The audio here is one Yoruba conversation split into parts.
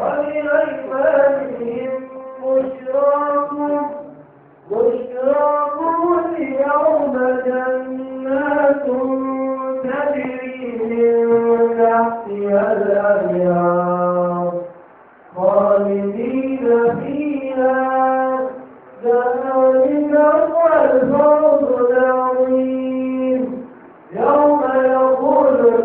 ولأيمانهم بشراكم بشراكم اليوم جنات تجري من تحتها الأنهار خالدين فيها ذلك هو الفوز العظيم يوم يقول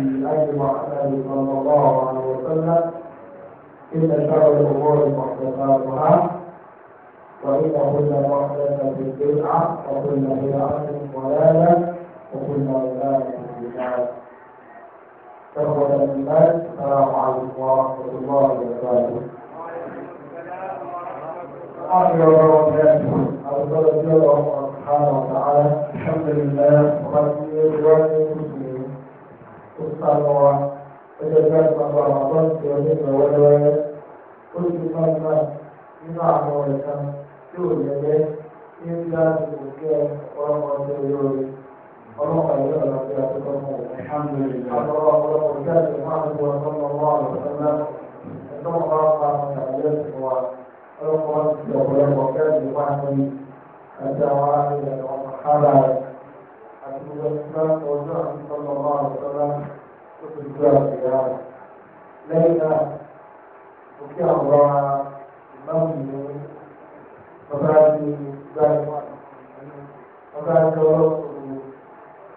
النبي محمد صلى الله عليه وسلم إن شر الأمور محدثاتها وإن كل محدثة بدعة وكل بدعة ضلالة وكل ضلالة في النار إخوة الإيمان السلام عليكم ورحمة الله وبركاته. وعليكم السلام ورحمة الله وبركاته. سبحانه وتعالى الحمد لله وحمده وعليه ìpàlọ́wà ẹgbẹ́ ìpàlọ́wà ọ̀pọ̀ ìṣe ọdún ìwẹ́wẹ́wẹ́ ó ti fún ọgbà nínú àwọn ẹ̀ka tí ò lẹ́lẹ́ tí ń dá ìgbòkè ọ̀pọ̀lọpọ̀ ọjọ́ lórí ọlọ́pàá ìlú ọ̀làbí àtúkọ̀ mọ́ ọ̀pọ̀lọpọ̀ ọ̀pọ̀lọpọ̀ ìjà ìjọba àti ọ̀pọ̀lọpọ̀ ọ̀pọ̀lọpọ̀ ọ̀pọ̀lọpọ̀ ọ̀pọ̀lọpọ̀ ọ̀pọ̀lọpọ̀ ọ̀pọ̀lọpọ̀ ọ̀pọ̀lọpọ̀ ó ti gbé àgbèrè àrùn lẹ́yìn náà mo kí àwọn ìmáàmù ní ọba ní ìgbà ìmọ̀ ọba ní ọlọ́kùnrin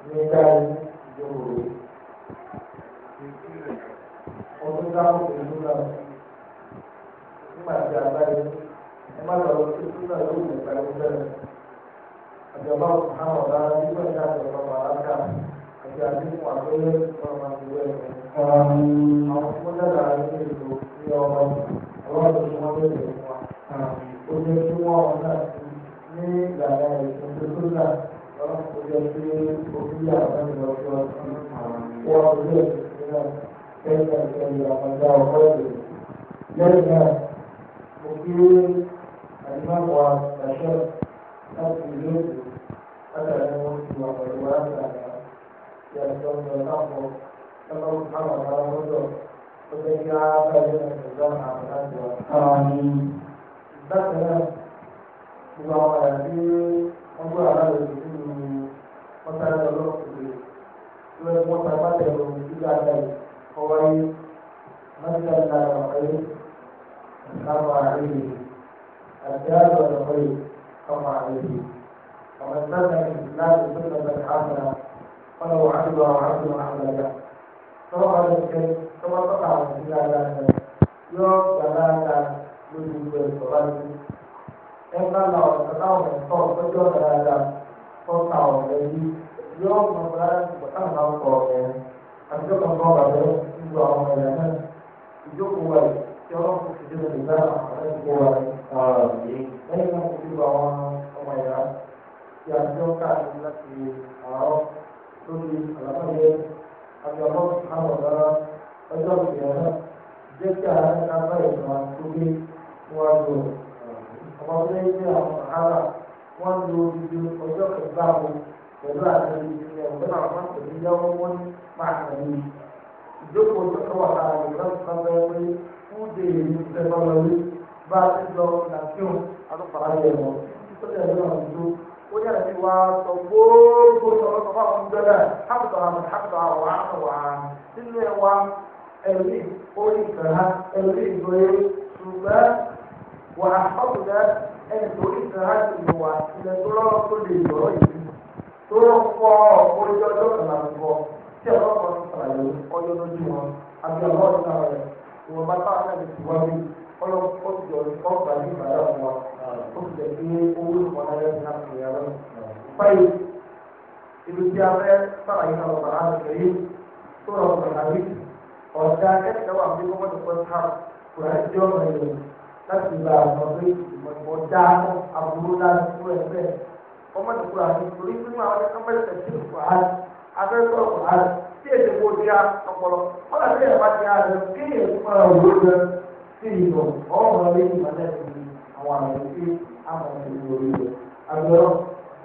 ní dáì ìjọba ọdún dáhùn ìlú náà nígbà tí àti àdínkù àgbẹ̀rẹ̀ ọmọ ìwé ẹ̀. àwọn tí wọ́n dára ní ìlú ní ọmọ ọlọ́dún tí wọ́n bẹ̀rẹ̀ fún wa. ó jẹ́ kí wọ́n ọ̀nà ní ìlànà ìṣẹ̀ṣẹ̀ tó dà ọlọ́run kò jẹ́ kí orí àwọn ìlọ́jọ́ sí wọ́n ilé ìṣẹ̀ṣẹ̀ náà ẹ̀ka ìṣẹ̀lẹ̀ àbájá ọgọ́rùn-ún. lẹ́yìn náà mo kí àdìmọ́kọ̀ àṣẹ láti ilé يلزم الأمر فمن حرم رجل فإن بين الجمع والأجر bákan náà gbogbo àwọn àyà tí wọ́n gbọ́ àlàyé ìdílé ní wọ́n sáré lọ lọ́kùnrin lórí wọ́n sáré má tẹ̀lé omi tí ó dáa yìí ọwọ́ yìí wọ́n ti dáa náà ọ̀rọ̀ yìí káwọn àárín yìí àti àlọ́ ọ̀rọ̀ yìí àwọn ìsáàtà ولو عجب وعجب عملا tọ́wọ́ bá lè ṣe tọ́wọ́ tọ́ka àwọn ìdílé agbára rẹ̀ yóò gbàgbá ta lójú ìwé ìjọba sí. ẹ bá la ọ̀sán táwọn ẹ̀kọ́ tọ́jú ọ̀gá dáadáa tó ta ọ̀rẹ́ yìí yóò mọ̀ rárá ṣùgbọ́n táwọn náà kọ̀ ọ̀rẹ́ àtijọ́ kan bọ́ bàbẹ́ nínú àwọn ẹ̀yà náà ìjókòó wa tí ọlọ́run kò fi dé ìgbà àwọn ìjókòó wa lẹ́yìn náà kò fi lu àwọn ọmọ ìyá tí àtijọ́ káàkiri láti àárọ̀ lórí àlàkàyé àgbàbọ̀ àwọ̀dá ọjọ́ ìgbìyànjú jẹ́ kí àárẹ̀ ká bá ìgbà tó gbé níwájú ọmọ tó ń gbé àwọn àhárà wọ́n lo ibi ọjọ́ kẹta wo pẹ̀lú àti ìpínlẹ̀ ọ̀gbẹ́ náà wọ́n pè ní yẹ́wọ́ wọ́n ní máa tẹ̀lé ìjókòó tó tọ́wọ́ ara rẹ̀ lọ́sọ̀tàn bẹ́ẹ̀ pé fún dèrè ní ìfẹ́ bá lọ rí bá a ti lọ làkíyàn àtọ́fàlà yẹ̀ wọ́n tó tẹ̀lé ọ̀dọ́ torí àti wa sọ gbogbo sọ̀rọ̀ sọ fún àwọn ọmọdé náà hábùtà àwọn hábùtà àwọn àwọn wà á nínú ẹ wa ẹ̀rí orí ìkàrà ẹ̀rí ìgbòye ṣùgbọ́n wà á ọ̀bùdá ẹni tó rí ìkàrà ti mọ̀ wá ilẹ̀ tó lọ́wọ́ tó lè yọ̀rọ̀ yìí tó fọ́ orí ọjọ́ kàlà lọ́wọ́ ó ti tẹ̀ sí owó ìfọ̀nàlẹ́ ní àpèyà lọ. báyìí ibi tí a fẹ́ sàlàyé náà lọ́ba àgbẹ̀ yìí tó lọ sọ̀rọ̀ àbí ọ̀dà kẹ́kẹ́ wà pé kọ́kọ́ ti kọ́ ta kùrà sí ọ̀nà ìlú láti gba àwọn pé ìmọ̀ dá àbúrò láti kú ẹ̀ bẹ́ẹ̀ ọmọ ti kúrò àti torí pé máa wọlé kọ́kọ́ ti tẹ̀sí kùrà abẹ́kọ̀ kùrà tí èdè kò di a ọpọlọ wọ́n lọ sí ẹ̀ bá ti a lọ kí èèyàn máa wúlò lọ sí ìlú ọ̀hún ọ̀rẹ́ ìmọ̀lẹ́sìn àwọn àyè tí àwọn ènìyàn lórí rẹ̀. Àgbẹ̀rọ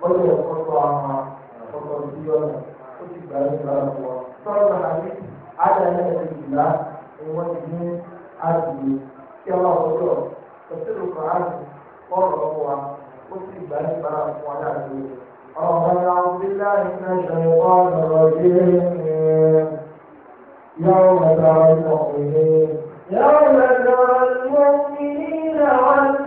ọjọ́ ìkọ́tọ̀ àwọn ọ̀tọ̀ sí ọ̀nà ó ti gbà ní ìgbà lọ́wọ́. Sọ́ọ̀nà àbí àdáyé ẹ̀rọ ìlà ìwọ́n ti ní àdìyẹ kí ọlọ́ọ̀dọ́ òṣèlú kan ọ̀rọ̀ wa ó sì gbà ní ìgbà lọ́wọ́ àdáyé. أعوذ بالله من الشيطان الرجيم يوم ترى المؤمنين يوم ترى المؤمنين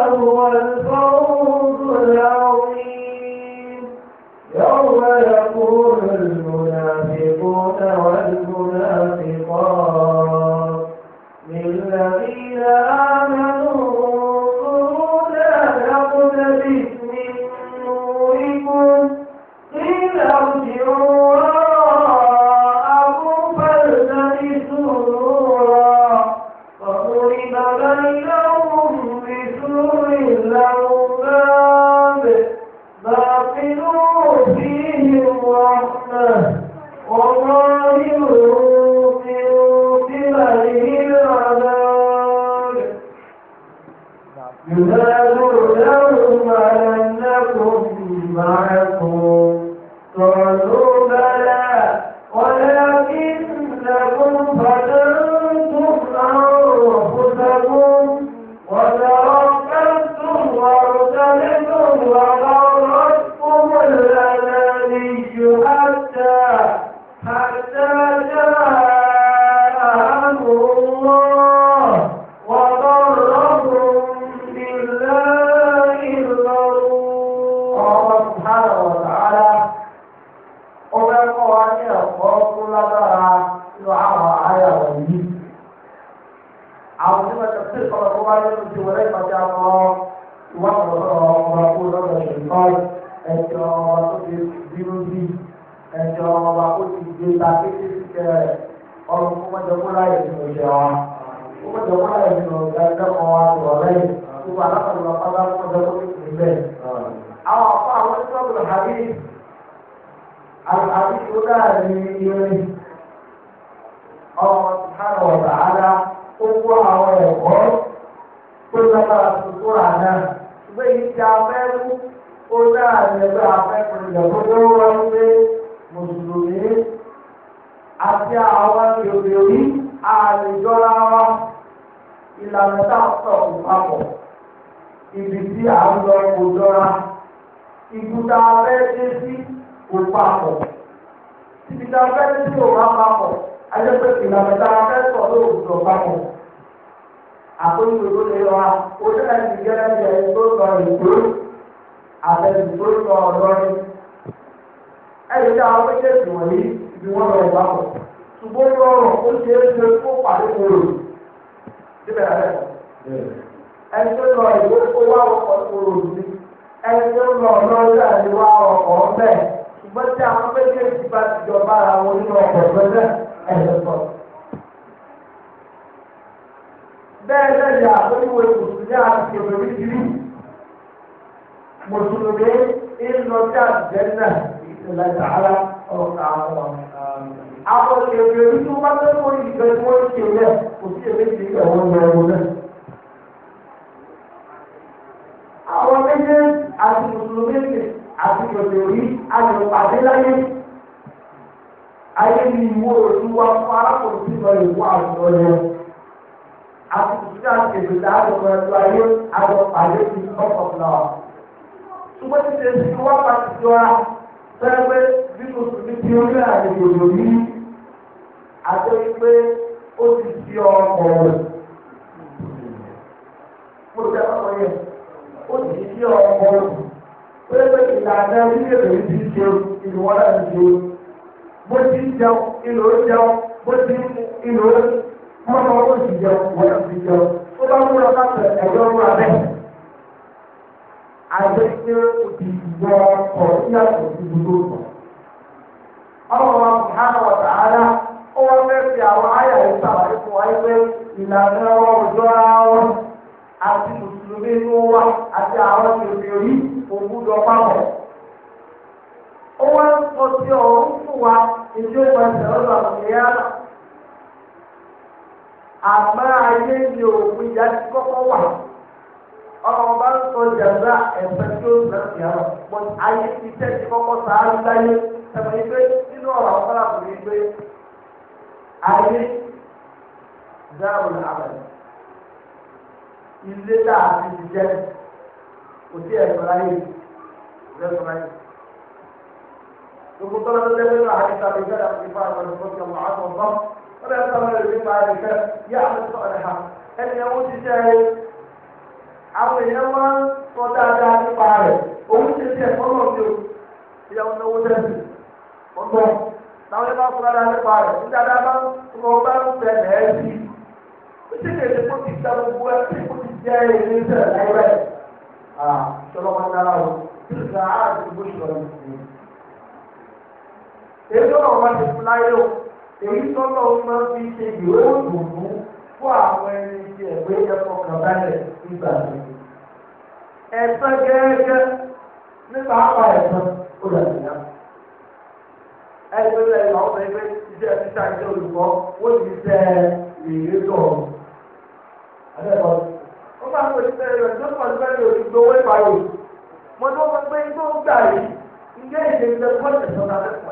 هو الفرد àwọn tí wọ́n ti sọ̀rọ̀ tó wáyé ló ti wọlé ìpàdé àwọn ìwọ́n lọ́dọ̀ ọmọ kó lọ́dọ̀ ṣùgbọ́n ẹ̀jọ̀ ọmọ tó ti dúró bí ẹ̀jọ̀ ọmọ kó ti gbé ta kékeré sí kẹ ọmọ kó mọ́jọ kó láyé nínú ìṣẹ́ wa kó mọ́jọ kó láyé nínú ẹ̀ẹ́dẹ́kọ̀ wa lọ lẹ́yìn kó wà látọ̀dọ̀ ọ̀pá mọ́jọ kó ti kù bẹ́ẹ̀. àwọn ọ̀pá àwọn tó tọ́jú àbí àbí tó dáa ní irin ọmọ sùhánù ọ̀tà gbogbo àwọn ẹ̀kọ́ tó lọ́kàrà tuntun àná gbé ìjà fẹ́ẹ́rú ó náà lẹ́gbẹ́ afẹ́kùnrin ìjọba tó wọ́n ń gbé mùsùlùmí àti àwọn èrè orí àlejòra wa ìlànà tá a sọ kò papọ̀ ibi tí a ń lọ kò jọra ìgbúta abẹ́ dé sí kò papọ̀ ibi tá sí kò má papọ̀ ajẹ́pẹ́ ìlànà tá a fẹ́ sọ lóòótọ́ papọ̀ àpéjúwò lè wa ojú náà ti gẹ́gẹ́ bí ẹni tó sọ èkó àtẹ̀sí tó sọ ọlọ́rin. ẹ̀yẹ tí àwọn méjèèjì wọ̀nyí ni wọ́n lọ wà pọ̀ ṣùgbọ́n lọ́rọ̀ ó ṣe é ṣe kó pàdé kúrò síbẹ̀ rẹ̀. ẹni tó lọ èkó ó wá ọkọ̀ kúrò sí ẹni tó lọ ọlọ́rin àti wá ọkọ̀ ọ̀bẹ ṣùgbọ́n tí àwọn méjèèjì bá ti jọ bára wọn nínú ọkọ̀ ọ̀bẹ bẹ́ẹ̀ náà ni àpéjúwe mùsùlùmí àti òbí kiri mùsùlùmí ìlọ sí àtìjẹ́nà ìṣẹ̀lẹ̀ sàárà ọ̀ka àwọn àwọn èrè tó bá tó kó ìgbẹ́ tí wọ́n ṣe lẹ̀ kò sí èrè tí ẹ̀wọ̀n lọ ẹ̀wọ̀n lẹ̀. àwọn méjèèjì àti mùsùlùmí àti òbí àjọpàdé láyé ayé ni ìwọ òṣùwà fún arákùnrin tí lọ ìwọ àjọ yẹn àti ìdílé àti ìdílé àjọpọ̀ ẹ̀dọ́ ayé àjọpọ̀ ayé ti ọkọ̀ lọ. Ṣùgbọ́n ti ṣe sí wá pàtó jọra fẹ́ẹ́ pé bí mo sì ní bí orí àlejò lòdì àti pé ó ti di ọkọ̀ rẹ̀. Mo jẹ́ ọmọ yẹn, ó ti di ọkọ̀ rẹ̀. Pé pé ìlànà ilé rẹ̀ ti ṣe ìwọ́n náà ṣe. Bó ti ń jẹun, ìlò ń jẹun, bó ti ń ìlò ń mu. mọ́tò ó sì jẹ wọ́n sì jẹ ó bá múra káfẹ́ ẹ̀yọ́ wúra bẹ́ẹ̀. àgbẹ̀ pé o ti ọkọ̀ yíyàtọ̀ sí gbogbo ọ̀sán. ọmọ wa ó wọ́n fẹ́ fi àwọn àyà yìí fún pé ìlànà wọn ò wọn àti mùsùlùmí àti àwọn òkú lọ pàpọ̀. ó sọ sí fún wa ìṣẹ̀lẹ̀ àmọ́ ayé ni òun ìyá ti kọ́kọ́ wà ọmọ ọba ń sọ jàmbá ẹ̀fẹ́ tí ó sọ sí àná pọ̀ ayé ti tẹ́ ti kọ́kọ́ sáájú láyé ẹ̀fọ́ yìí pé nínú ọ̀rọ̀ àwọn fọlá kò ní pé ayé dáhùn àbẹ̀lẹ̀ ilé tá a ti ti jẹ́ kò sí ẹ̀fọ́ láyé ẹ̀fọ́ láyé. Gbogbo tọ́lá tó dẹ́gbẹ́ náà àti ìtàlẹ́ ìgbàlá àti ìfọ̀ àwọn ọ̀dọ́ wọ́n bẹ̀rẹ̀ sọ̀rọ̀ lórí mi máa nìkẹ́ yá àwọn sọ̀rọ̀ ha ẹni ẹ̀ wọ́n ti jẹ́ ẹ àwọn èèyàn máa ń sọ dáadáa nípa rẹ̀ òun ti jẹ́ fọ́lọ́ mi o ìyàwó náwó tẹ̀sí ọ̀tọ̀ táwọn ẹ̀ bá fọ́ dáadáa nípa rẹ̀ ní dáadáa bá ń sọ bá ń bẹ̀ lẹ́ẹ̀sì ó ti lè kó ti gba gbogbo ẹ̀ tí kò ti jẹ́ ẹni sẹ̀ lẹ́rẹ̀ ah sọlọ́ wọn dára o kí ló ti sọ àá ti bó ṣùgbọ́n mi. èyí ló rọ̀ wọ́n ti fún láyé o èyí tọ́lọ́ máa fi ṣe yòó dùnú fún àwọn ẹni tí ẹ̀gbẹ́ ẹ̀fọ́ kan báyẹ̀ nígbà mi. ẹ̀sán gẹ́gẹ́ nípa apá ẹ̀sán ó yà sí náà. ẹgbẹ́ ẹ̀rọ ọ̀sẹ̀ ẹgbẹ́ iṣẹ́ títà iṣẹ́ olùkọ́ wọ́n ti tẹ ìrírí sọ̀rọ̀. àbẹ̀kọ́ ó máa ń pè sí ẹ̀rọ tó pọ̀ sí ẹ̀rọ ìgbò owó ìpàrọ̀. mo ní wọ́n pẹ́ pé gbà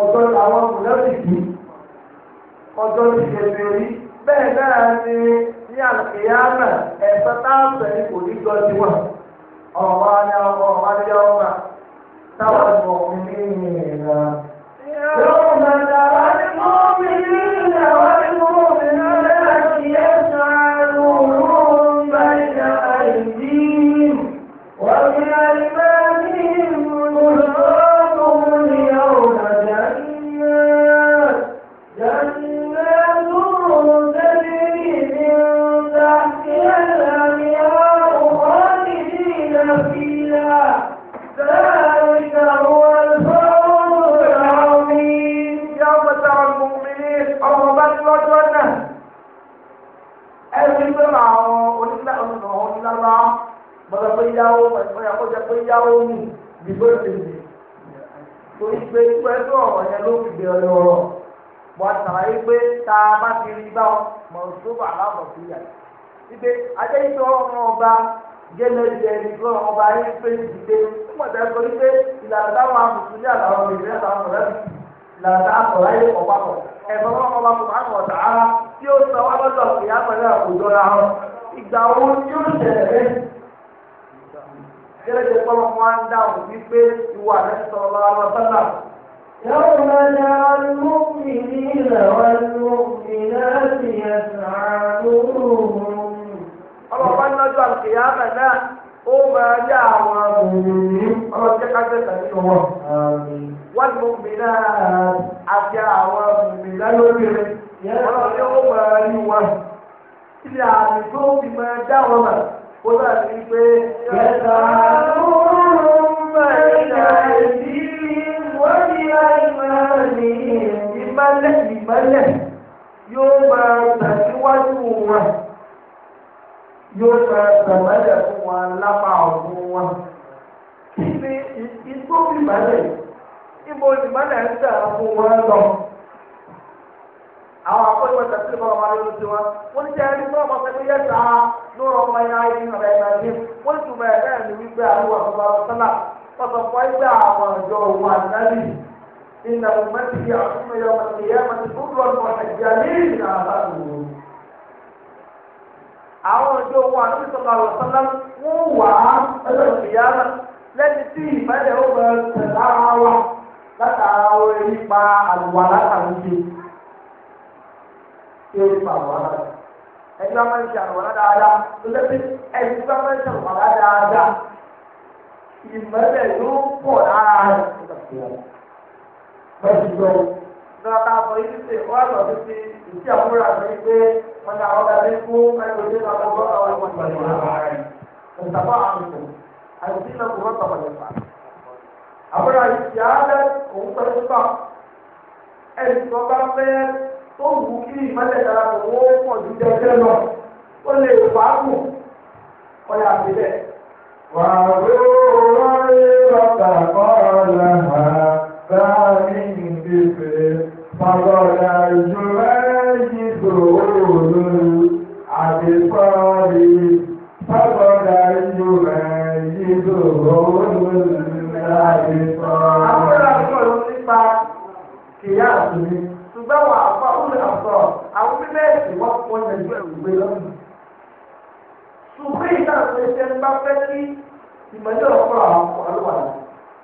ọjọ́ àwọn mùlẹ́sìkì ọjọ́ ti ṣẹ̀ṣẹ̀ bẹ́ẹ̀ náà ni ní àkèyàmà ẹ̀fẹ́ táàbẹ̀ ní kò ní jọ ti wà ọ̀pá ni ọmọ ọmọ yáwó ó yẹ kó jẹ pé yáwó mi dìbò tèmi torí pé pẹ̀lú ọ̀rọ̀ yẹn ló fi bẹ̀rẹ̀ ọ̀rọ̀ bọ́ àtàlàyé pé tá a bá ti rí báwọn mọ̀ọ́sọ́bà aláwọ̀ sí yà síbi adéyìnbó ọmọ ọba gẹ́lẹ́dì ẹni tó ọba yìí pé ìdílé nígbàtà ẹ̀kọ́ yìí pé ìlànà táwọn amùsùlẹ̀ àtàwọn obìnrin àtàwọn ọ̀rẹ́ mi ìlànà táwọn ọ̀rẹ́ yìí kọ̀ papọ̀ ẹ̀fọ́ wọn kọ́ papọ̀ máa ń wọ̀ sàárà tí ó sọ wá lọ́dọ̀ ìyá pẹ̀lú àkójọ ra wọn ìgbà wo yóò tẹ̀lé gẹ́gẹ́ tó lọ́ wọn á dáhùn wípé ìwà rẹ̀ sọ̀rọ̀ lọ́wọ́ lọ́sọ́nà. يوم نرى المؤمنين والمؤمنات يسعى نورهم ọlọ́pàá lọ́jọ́ àkèyàmẹ náà ó máa rí àwọn mùmìnì ọlọ́jẹ́ kájẹ́ta nínú wọn. wọ́n mú mi náà àti àwọn mùmìnà lóbìnrin ọlọ́jẹ́ ó máa rí wọn. ilé àmì tó fi máa dá wọn mọ̀ ó dàbí pé kẹta lóòrùn bẹ̀rẹ̀ àìsí wọ́n ní àìmọ́ni ìmọ́lẹ̀ ìmọ́lẹ̀ yóò máa tẹ̀síwájú wọn yóò máa tẹ̀mọ́lẹ̀ fún wọn lápá ọ̀gbun wọn kí ni ń dà fún wọn lọ àwọn akọ́jọ́ tẹ̀sí bọ́ ọmọ alẹ́ lóṣù wọn wọ́n ti ẹni bọ́ ọmọ sẹ́kẹ́ yẹ sá lórí ọmọ yẹn ayé ní ọ̀rẹ́ náà ní wọ́n ti mọ̀ ẹ̀rẹ́ ní wípé àlùwà tó bá lọ sọ́nà pọ̀tọ̀ pọ̀ ẹgbẹ́ àwọn ọ̀dọ́ òun àdáni ìnà mọ̀mọ́tì yà ọ̀tún yà ọ̀tún yà ọ̀tún tó lọ sọ ẹ̀jẹ̀ ní ìnà àbáwò. àwọn ọ̀dọ́ òun àdáni sọ̀rọ̀ àlọ́ sọ́nà wọ́n wà á ẹlẹ́sìn lẹ́ni tí ìmọ̀lẹ̀ ó bẹ̀rẹ̀ tẹ̀lé ara wa látara orí pa àlùwà látàrí tí ó fa àwọn ọ̀la rẹ̀. Ẹni bá máa ń ṣe àwọn ọ̀la dáadáa, tó lẹ́bi ẹni bá máa ń ṣe àwọn ọ̀la dáadáa, ìmọ̀lẹ̀ yóò pọ̀ lára rẹ̀ nígbà tó yà. Bẹ́ẹ̀ni lọ, ìjọba ká sọ yìí ṣe wọ́n lọ sí ti ìṣe àmúra rẹ̀ pé wọ́n ní àwọn ọ̀gá lẹ́kú ẹgbẹ̀rún náà lọ́wọ́ àwọn ọmọ ìgbàlódé rẹ̀. Ìtàbá àmì àbúrò àyíṣẹ́ àádẹ́ òun pẹ̀lú bá ẹnì kan bá fẹ́ tó wù kí ìmọ̀lẹ̀ darapọ̀ wọ́n pọ̀ ju jẹjẹ lọ ó lè fà á kù ọ̀yà àbílẹ̀. wà ló rárí lọ́tà kọ́ọ̀lá ha sáàmì ìdìbò pàgọ́dà ìjọba yìí sòwòrò àbíkọ́rí pàgọ́dà ìjọba yìí sòwòrò àbíkọ́rí. àwọn ìlànà ìpàdé nípa kìyà àtúnyẹ. ṣùgbọ́n wà àfa òun àbọ̀ àwọn bíbélì wọ́n pọ̀ nàìjíríà ìwé lọ́nà. ṣùgbọ́n ìtàn àti ẹsẹ̀ ń bá fẹ́ kí ìmọ̀lẹ́ ọ̀pọ̀ àwọn ọ̀pọ̀ wà ní.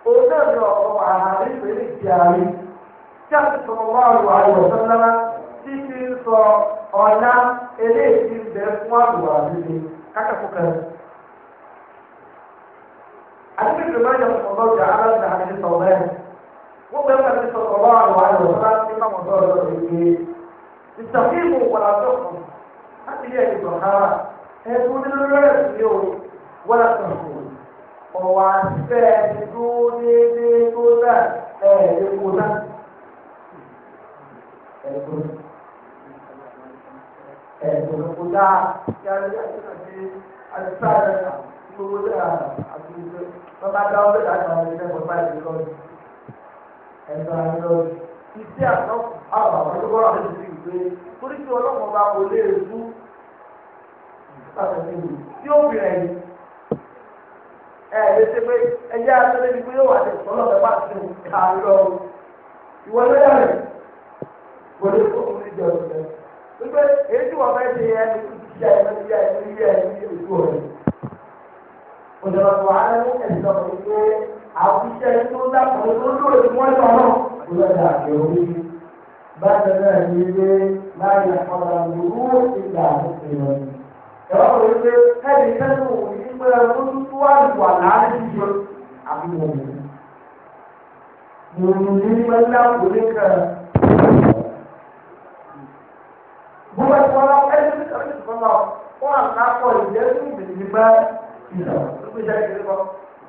òun náà ní ọ̀pọ̀ wà àárín ti tí a ti sọ tí ti àti kí wọ́n bẹ̀rẹ̀ láti sọ̀rọ̀ wá àwọn àlọ́ ọ̀rá ní bá wọn sọ̀rọ̀ lọ́wọ́ ìgbé ìsàfihàn wọ̀lá sọ̀kùn láti ilé ẹ̀dùn sọ̀hárà ẹ̀dùn ní lórí ẹ̀sìn o wọ́lá sọ̀kùn ọ̀wà àtìfẹ́ ẹni tó déédéé tó dà ẹ̀ẹ́dẹ́gbó dá ẹ̀dùn ẹ̀dùn kò dá yàrá yàrá àti àtìfẹ́ àti gbogbo dá àti bàbá dáwọ́ bẹ́ẹ̀ láti àwọn ẹ̀dẹ́gbó báyìí lọ́wọ́ ẹ̀ka ayélujára iṣẹ́ àtọ́ àwọn àwọn tó bọ́lá àti ìdílé ìgbé torí tí ọlọ́run ọba kò lè tú pàtàkì ìlú tí ó bìrẹ̀ yìí ẹ̀ lè ṣe pé ẹ̀yà àtẹ́lẹ́ ni pé yóò wà ní ìtọ́lọ́ ọ̀dọ́ pàṣẹ ká lọ ìwọ lóyà rẹ̀ kò lè tó kùn níjọ rẹ̀ wípé èyí tí wọ́n fẹ́ ṣe ẹ̀ ní ìṣe ẹ̀ ní ìṣe ẹ̀ ní ìṣe ẹ̀ ní ìṣe ẹ̀ ní ìṣe ẹ̀ àti iṣẹ́ tó dákòó tó lóore tí wọ́n lọ náà ló lọ́jà àgbẹ̀wò nínú. Bákan náà ní ilé láàyè ọ̀rọ̀ àgbòrò ìgbà ìrọ̀ ni. Ẹ̀rọ kò wípé ẹ̀rí sẹ́nu òun ní pé ọdún tó wà lùwà láàrín jíjọ àbí wọ̀n mi. Mòmù ní Mẹ́lá kò ní kàn. Bùbá tí wọ́n lọ ẹni tí wọ́n ti sọ̀rọ̀ wọ́n ìjẹ́sùn ìgbìyànjú bá ìlọ̀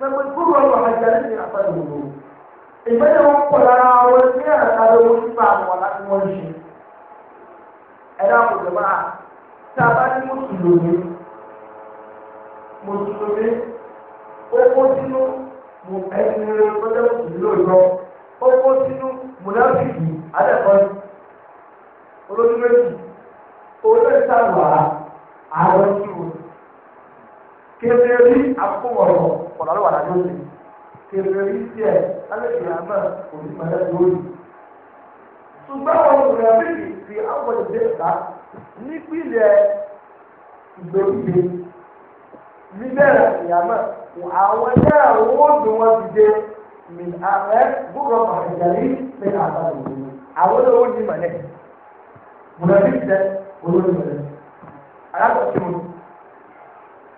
lẹ́gbẹ́ gbogbo ọ̀rọ̀ àjàlẹ́ ní àpẹẹrẹ òwò. ìgbẹ́ni wọn pọ̀ lára wọn ní àtàlẹ́ owó nípa àwọn aláṣẹ wọn ṣe. ẹ̀rọ àkùdọ̀ máa tá a bá ní mùsùlùmí mùsùlùmí ó kó sínú ẹni rẹ̀ lọ́jọ́ mùsùlùmí lóòótọ́ ó kó sínú mùnáfíìkì adẹ́kọ̀ọ́ni olóṣèlú olóṣèlú àlọ́ ìṣòro. kébèrè àkúwọ̀rọ̀ ọ̀làlúwà lájọ́ òní kébèrè tiẹ̀ lálẹ́ ìyàmẹ́ ma, mẹ́lẹ́ fi ní àbáyé àwọn olówó ní mọ̀lẹ́ mọ̀lẹ́ bí tẹ olówó ní Ala alákọ̀ọ́sí mo.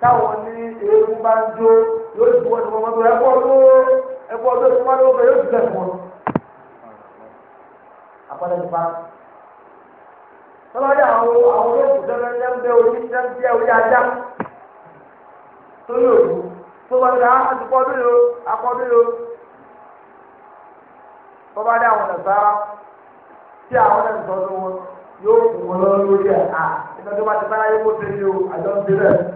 táwọn ní eégún bá ń jó yóò ju wọn ìwọ̀n mọ́tò ẹ̀kọ́ tó ẹ̀kọ́ tó ti wọ́n lọ́wọ́ yóò dùn ẹ̀kọ́. àpẹẹrẹ ti pa tọ́lá yà àwọn àwọn olóògùn dẹ́gbẹ́ dẹ́gbẹ́ orí dẹ́gbẹ́ orí ajá tó yóò dùn tó bá dá àtìkọ́dún yìí o àkọ́dún yìí o tó bá dá àwọn ẹ̀sán tí àwọn ẹ̀sán tó wọn yóò kù wọn lọ́wọ́ lórí ẹ̀ ah, à ìtọ́jú bá ti bá yẹ kó tẹ̀lé o àjọ ń tẹ̀lé ẹ̀.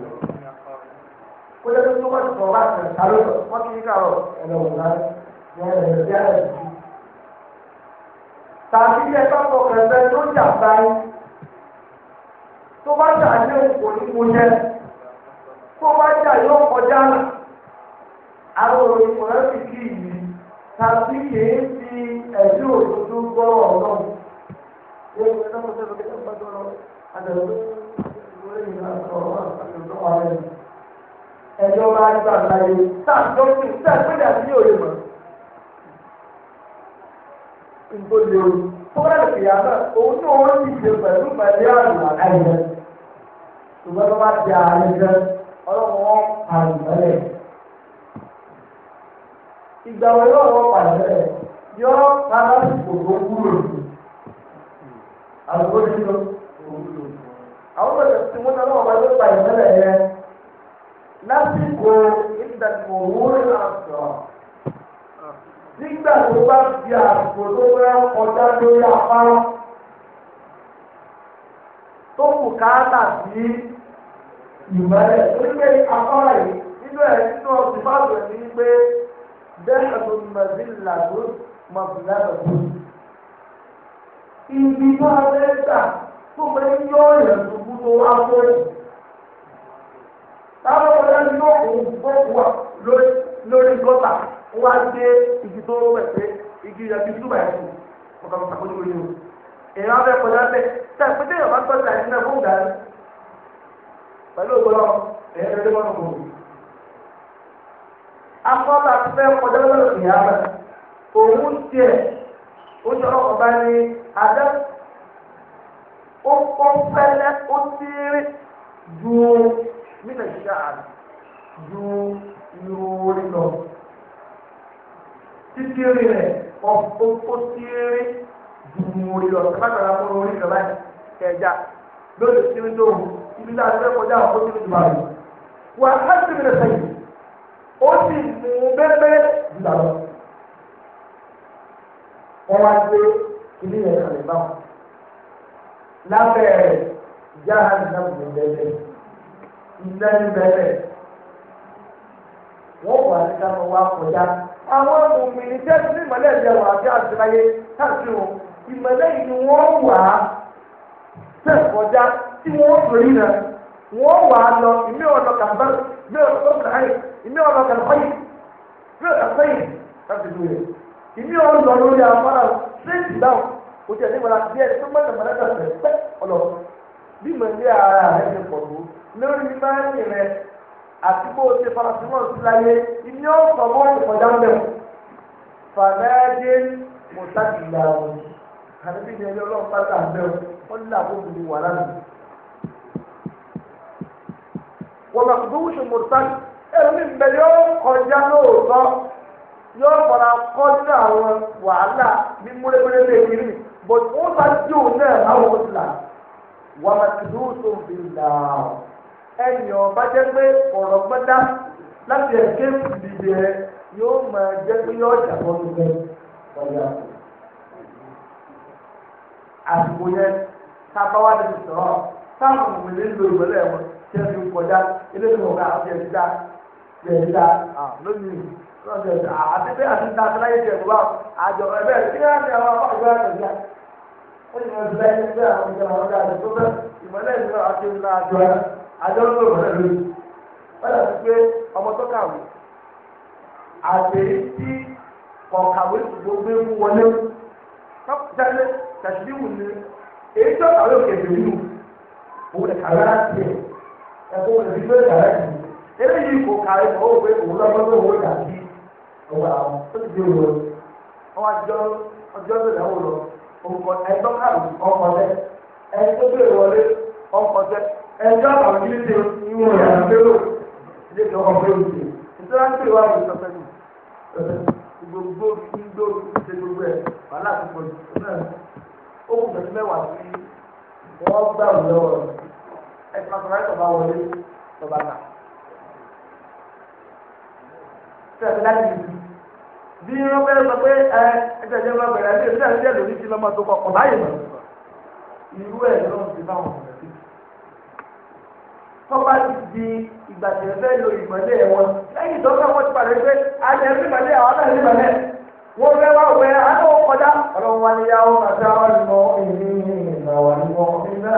kódé tó tó wọ́n ti sọ̀rọ̀ wá sí ẹ̀ka lóṣọ̀ wọ́n ti ní káwọ́ ẹ̀rọ òǹlà ẹ̀rọ ẹ̀rọ tàbí ẹ bá fọ kẹsẹ̀ tó jà báyìí tó bá jà ní òkò ní mo jẹ tó bá jà yóò kọjá nà àwọn òyìnbó rẹ ti kí yìí tàbí kìí fi ẹ̀jú òdodo gbọ́ ọ̀rọ̀ yóò fi ẹ̀dá mọ́tò ẹ̀dá mọ́tò ẹ̀dá mọ́tò ẹ̀dá mọ́tò ẹ̀dá mọ́tò ẹ̀dá mọ́tò ẹ̀dá ẹjọ́ láyé sí òye o, lè náà, òun tó wọ́n ti ṣe pẹ̀lú pẹ̀lú àrùn Ṣùgbọ́n tó bá ààrẹ jẹ, ọlọ́run wọn Ìgbà wo Yọ kára kò kúrò sí. Àlùkò ti lọ. Àwọn ọ̀dọ́ tí wọ́n náà wọ́n bá yóò pàdé yẹn. lásìkò ìdàgbòwòrán àṣọ nígbà tó bá di àsìkò tó fẹ́ kọjá lórí apá tó kù káàtà sí ìmọ̀lẹ̀ wípé afárá yìí nínú ẹ̀ nínú ọ̀sìn bá bẹ̀rẹ̀ ní pé dẹ́kẹ̀tù mẹ̀sílà tó mọ̀bìlá lọ́dún. ibi tó a fẹ́ gbà tó fẹ́ yọ ìrẹ̀sùn kú tó wá fún ẹ̀ táwọn ọ̀rẹ́ ń lọ òun bọ́ wà lórí gọ́tà wá dé igi tó rọ́wẹ̀ pé igi ìyàbí túbà ẹ̀ fún ọ̀gá ọ̀gá kó lórí o. èèyàn abẹ́ kọjá bẹ́ẹ̀ tẹ̀ pé téèyàn bá tọ́jà ẹ̀ náà fún ìdáná pẹ̀lú ògbọ́nà èèyàn ẹ̀rẹ́ mọ́nà kò. akọ́ta fẹ́ kọjá lọ́wọ́ ìyá rẹ̀ òun tiẹ̀ ó jọ ọkọ̀ bá ní adá ó pọ́n fẹ́lẹ́ ó tíírí ju nílẹ̀ ìṣá ju irú orí lọ títí rí rẹ̀ ọ̀pọ̀ tí rí ju orí lọ ẹ má tẹ̀lé fún orí lọ báyìí kẹjá lórí tí rí lóhùn ibi tá a fẹ́ kọjá àwọn tó ti rí jù wá lọ wà á ti rí rẹ̀ sẹ́yìn ó sì mú bẹ́ẹ̀ jù lọ wọ́n wá gbé ilé yẹn kalẹ̀ báwọn lábẹ́ rẹ̀ jáhánì náà kò ní bẹ́ẹ̀ bẹ́ẹ̀ iná ń bẹ̀rẹ̀ wọ́n wà ní káfọ́ wa kọjá àwọn ọmọbìnrin tẹ́ ní ìmọ̀lẹ́ ìjẹ́ wà bí àṣìláyé káàkiri wọn ìmọ̀lẹ́ yìí ni wọ́n wà á tẹ̀ kọjá tí wọ́n torí náà wọ́n wà á lọ ìmí ọ̀nà kàbẹ́rẹ́ ìmí ọ̀nà kàbẹ́rẹ́ ìmí ọ̀nà kàbẹ́rẹ́ ìmí ọ̀nà kàbẹ́rẹ́ káfíńtì rẹ̀ ìmí ọ̀nà lórí afárá ṣéèjì náà kò jẹ́ nígbà díẹ̀ tó mọ̀ lórí máàlì rẹ àti bó o ṣe farasímọ̀ sí láyé ìní ó sọ bọ́ ìkọjá ń bẹ̀rù fàdáyé mùsàkìlà o àbí ní ẹjọ́ lọ́wọ́ pátá bẹ̀rù ó ní yóò fara àwọn wàhálà ní múlẹ́múlẹ́ kiri náà láwọn là wàhálà tìlú tó fi là ẹnì ọba jẹ́ pé ọ̀rọ̀ gbọ́dá láti ẹ̀ké ìdìbò rẹ̀ yóò máa jẹ́ pé yóò jàpọ̀ nígbà ọ̀gá. àsìkò yẹn tábà wà lè sọ̀rọ̀ táwọn òmìnir ń lo ìwọlẹ̀ wọn tí ẹ fi ń kọjá ilé ìwọ̀n ah, àti ẹ̀ dídá ẹ̀ dídá lónìí lọ́sẹ̀ àti bẹ́ẹ̀ àti ìta àtàláyé jẹ̀ wá àjọ ẹ̀bẹ̀ kí ni àti àwọn apá ìgbà àtẹ̀já ó sì mọ̀ sí bẹ́ẹ̀ ní bẹ́ẹ̀ àwọn ìjọba ọ̀gá àti tó bẹ́ẹ̀ ìmọ̀lẹ́ ìjọba àti ìlú àjọ ẹ̀ àjọlọ́gbọ̀n ìmọ̀lẹ́ lórí wọ́n dàbí pé ọmọ tó kàwé àtẹ̀yí tí kọ̀ọ̀kàwé gbogbo ewu wọlé tọ́kùtẹ́lẹ̀ tẹ̀síwù ni èyí tó kàwé òkè ìdèmínú òun lè kàwé láti ẹ̀ ẹ̀kọ́ òun lè fi gbé ìdàrẹ́ yìí eléyìí kò kàwé kọ́ òwe òun lọ́gbọ́n tó wọ́n dàbí ọwọ́ àwọn tó ti di òun wọn àjọ ọjọ́ tó lọ òun kọ ẹ̀dọ́kàwé ọkọ̀ tẹ ẹ̀ tó gbé ìwọlé ọkọ̀ tẹ ẹjọ́ àwọn ilé ṣe ń wọ ẹ̀rọ lérò ilé ìtàn ọkọ̀ fún ìṣe ìṣẹ́lá ń pè wá ní ìtọ́fẹ́ ní gbogbo gbogbo ṣe gbogbo ẹ̀ wàhálà ti pọ̀ jù ó kù pẹ̀lú mẹ́wàá sí wọ́n gbà wọ́n lọ́wọ́ ẹ̀ pàṣẹ bá wọlé lọ́ba náà. Sẹ́ẹ̀dì láti bí wọ́n fẹ́ sọ pé ẹ ẹgbẹ́ ìjọba bẹ̀rẹ̀ ẹ̀ ní ìṣẹ́ ìṣẹ́ lórí ti lọ́mọ tó kọ̀ kọ̀ báyìí mọ̀. Irú ẹ̀ lọ́run ti bá wọn tọ́ba ti di ìgbà tí ẹ fẹ́ lo ìmọ̀lẹ́ wọn lẹ́yìn ìdọ́gba wọn ti pàdé pé àti ẹ̀fí ìmọ̀lẹ́ àwọn náà ní ìmọ̀lẹ́ wọ́n fẹ́ wá wẹ́ àná wọn kọjá ọlọ́run wa ni yàwó màtá ọlùmọ̀ ìní ìnà wà ní mọ̀ ìnà.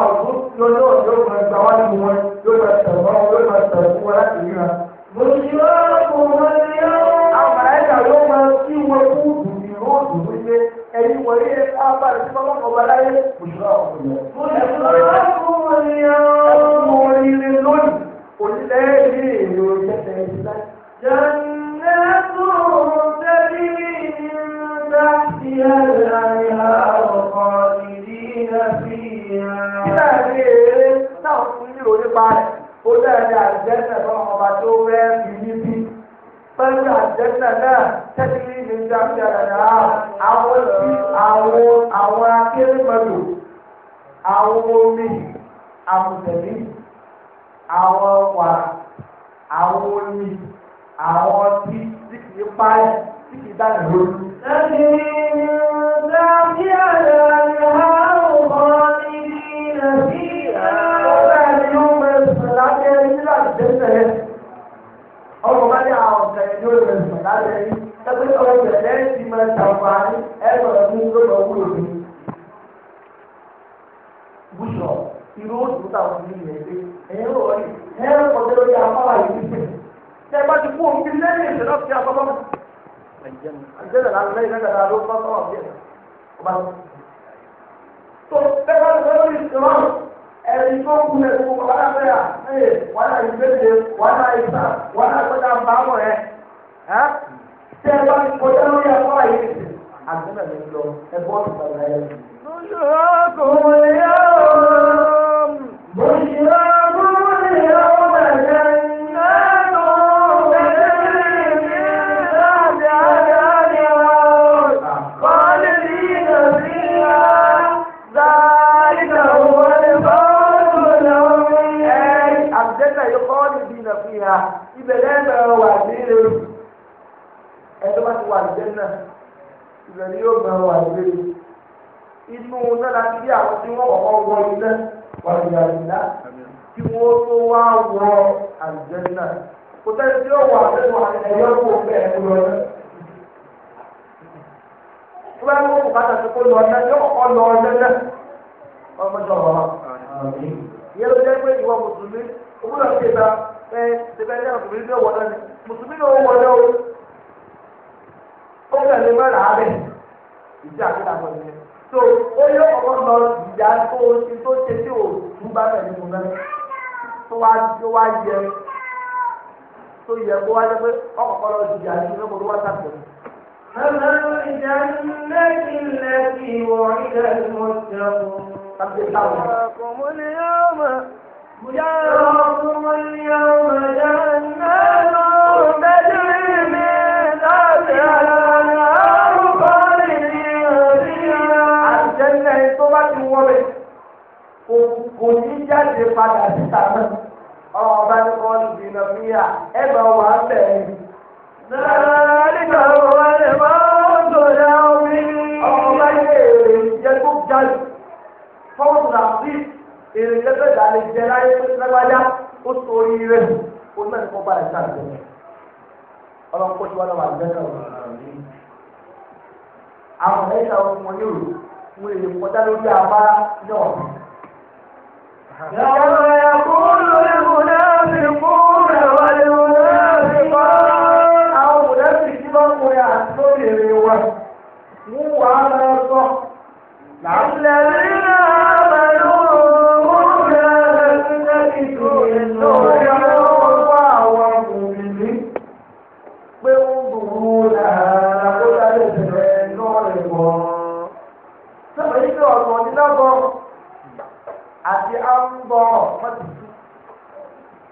àwọn ìlú yóò yóò yóò máa gbà wá nínú wọn yóò máa tẹ̀lé wọn yóò máa tẹ̀lé fún wọn láti ríra. mo ti wá kó wọn ní ọ́. àwọn àyẹ̀dà yóò nípa rẹ̀ ó dẹ̀rẹ̀ àjẹ́sẹ̀ fọlọ́n ọba tó rẹ́ fi ní bí pẹ̀lú àjẹ́sẹ̀ náà tẹ́tìlì ní ìdámẹ́rẹ̀ náà àwọn tí àwọn àwọn akérèmọdò àwọn omi àmùtẹ̀lì àwọn wàrà àwọn omi àwọn ọtí tí kìí pààyàn tí kìí dáná lórí. tẹ́tìlì ní ìdámẹ́rẹ̀ náà. ọmọ bá ní àwọn ọ̀sẹ̀ ní orí rẹ̀ sùn lábẹ́ yìí ẹgbẹ́ ọ̀rọ̀ ìbẹ̀rẹ̀ lẹ́yìn tí máa ṣàǹfààní ẹ̀rọ ní lọ́dọ̀ wúlò ní. bùsọ̀ irú oṣù táwọn ní ilẹ̀ gbé ẹ̀yìn rò rí ẹ̀rọ kọjá lórí afárá yìí ní ṣe ẹ bá ti kú omi lẹ́yìn ìṣẹ̀lẹ̀ ọ̀sẹ̀ afọ́fọ́ mọ́. àjẹ́lẹ̀ lálẹ́ ìrẹ́lẹ̀ ló ẹni tó kú lẹ fún wàhálà bẹ́ẹ̀ à ẹ wàhálà ìgbésẹ̀ wàhálà ìsà wàhálà kọjá bàbọ̀ rẹ ẹ tẹ ẹ bá ti kọjá lórí ẹ̀kọ́ àyè àgbẹ̀nà mi lọ ẹ bọ́ ìgbà rẹ. Bùsùlùmí yóò. Bùsùlùmí. ni yóò máa wà nílé inú náà ti rí àwọn tí wọ́n kọ́kọ́ wọ ilé wà ìyá ìlà kí wọ́n tó wá wọ àlùjẹ́nà kò tẹ́lẹ̀ tí ó wà nínú ẹ̀yọ́ kó bẹ́ẹ̀ kó lọ náà. tó bá wọ́n kó bàtà tó kó lọ náà yóò kọ́ lọ náà ọmọ ìjọba wa. ìyẹn ló jẹ́ pé ìwọ mùsùlùmí ó gbọ́dọ̀ ṣe ta ẹ ṣẹ̀fẹ̀ ní àwọn mùsùlùmí ló wọ̀ náà ni mùsùlùmí ló wọ̀ náà o. ó kẹ́lẹ́ mẹ́rin àárẹ̀ ìdí àgbẹ̀dà bọ̀ nìyẹn. so ó yọ ọkọ lọ ìyá tó ṣe tó ṣe tí ò tún bá bẹ̀ nínú rẹ tó wá tó wá yẹ tó yẹ kó wá yẹ pé ọkọ̀ lọ ìyá ní ìlú kòtò wá sàkóso. فمن الجنة التي اليوم جاءكم ṣe padà síta náà ọmọ ọba ní kọ́ ní ìdènà fíyà ẹ gbà wà á bẹ̀ ẹ́. náà nígbà wo wá lè wá sọ̀rọ̀ omi. ọmọ ọba ní èrè ìjẹ tó jáde fọwọ́n náà sí èrè ìjẹ tó jáde jẹ láyé tó lágbájá ó sọ oríire ó náà ní kó bá ẹ̀ sáà jẹ. ọlọ́run kó tí náà wà jẹ́ náà. àwọn ẹ̀ka ọmọ yóò wọ́n èlé kọjá lórí àbá náà. يوم يقول المنافقون والمنافقات أو نفسي من يعتذر وهو على صح الذين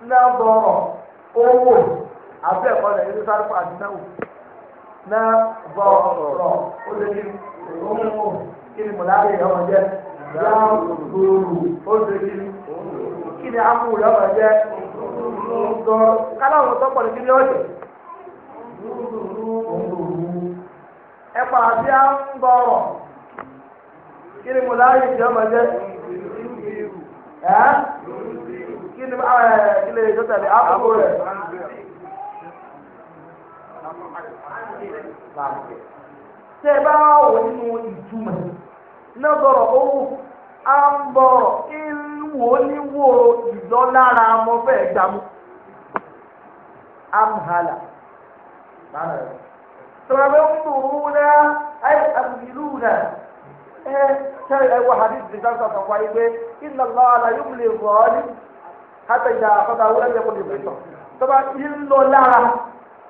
nabọrọ owó abẹ ẹkọ rẹ ẹni sáré fún àdínáwó nabọrọ ó lé ní owó kí ni mọláyé ọmọ jẹ yàgòrò ó lé ní kí ni amú rẹ ọmọ jẹ dọrọ káláwọn tó pọ̀ ní kí ni ọ̀jẹ̀ ẹ̀pà àti àǹgọ̀rọ̀ kí ni mọláyé ọmọ jẹ ẹ̀. kí ni kí lè tó tẹ̀lé àbúrò rẹ̀. tẹ bá wọ nínú ìtumọ̀ náà sọ̀rọ̀ owó mo amhala ẹ ṣe hadith pé ọ́ hata ìdá àfọ́dà awúrẹ́ yẹ kó lè fi tọ̀ tó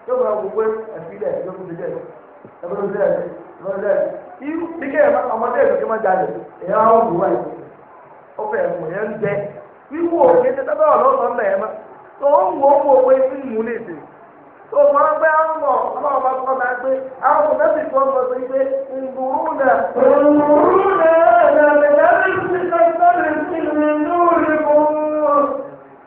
yóò máa wò ẹ̀fílẹ̀ yóò fi dé ẹ̀fílẹ̀ ẹ̀fílẹ̀ irú ha ọmọdé ìlú kí wọ́n jalè èèyàn á wù wáyé ó fẹ́ yẹn ń jẹ wíwò òkè tẹ́tẹ́ bá ọ̀lọ́ ńlẹ̀ ẹ̀ tó ń wò ó wò pé ń mú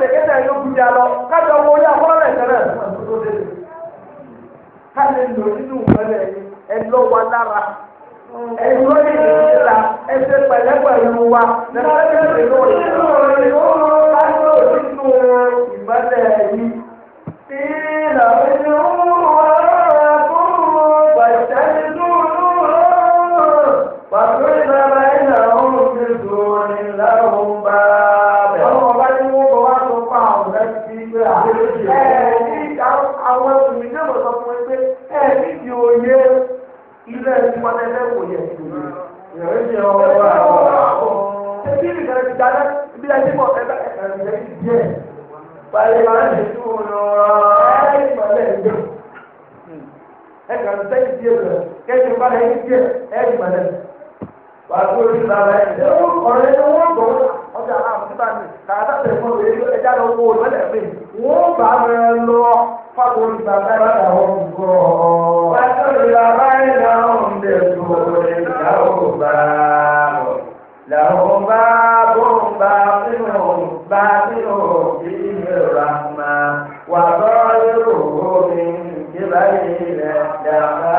kẹtẹkẹtẹ yóò gbúdí alọ kájọ wọ orí àkọlọ rẹ tẹ́lẹ̀ kájọ lò nínú ìwọlẹ ẹlọ wa lára ẹlọ yìí la ẹsẹ̀ pẹ̀lẹ́pẹ̀lẹ́ wa lẹsẹ pẹ̀lẹ́ lórí kájọ nínú yìí. ti wọlé lẹ́wọ̀ yẹn. Ṣèbí ìgbà ti dáná ibi ẹni mọ̀ ẹ̀ka ẹ̀ka ẹ̀ka díẹ̀. Báyìí máa ń ṣètò lọ ẹ̀ka ìmọ̀lẹ̀ ẹ̀jẹ̀. Ẹ̀ka ti sẹ́yìn díẹ̀ bẹ̀rẹ̀ kẹ́sì bá ẹ̀yìn díẹ̀ ẹ̀yìn ìmọ̀lẹ̀. Wàá tó ní ìlànà ẹ̀jẹ̀. Ọ̀rẹ́ ni wọ́n gbọ́ ọjà náà fún bá mi kàtà tẹ̀ fún mi ẹja lọ wo ìmọ̀lẹ̀ mi wọ́n bá mi lọ fáwọn olùgbàgbà ìlànà ọ̀hún gbọ́. pàṣẹ ìlànà ìlànà ọ̀hún lè tó ìlànà ọ̀hún bá làwọn bá bọ̀ ń bá nínú bá nínú bí ìrora máa wà bọ́ lérò omi ìdíbàyè rẹ̀ dàgbà.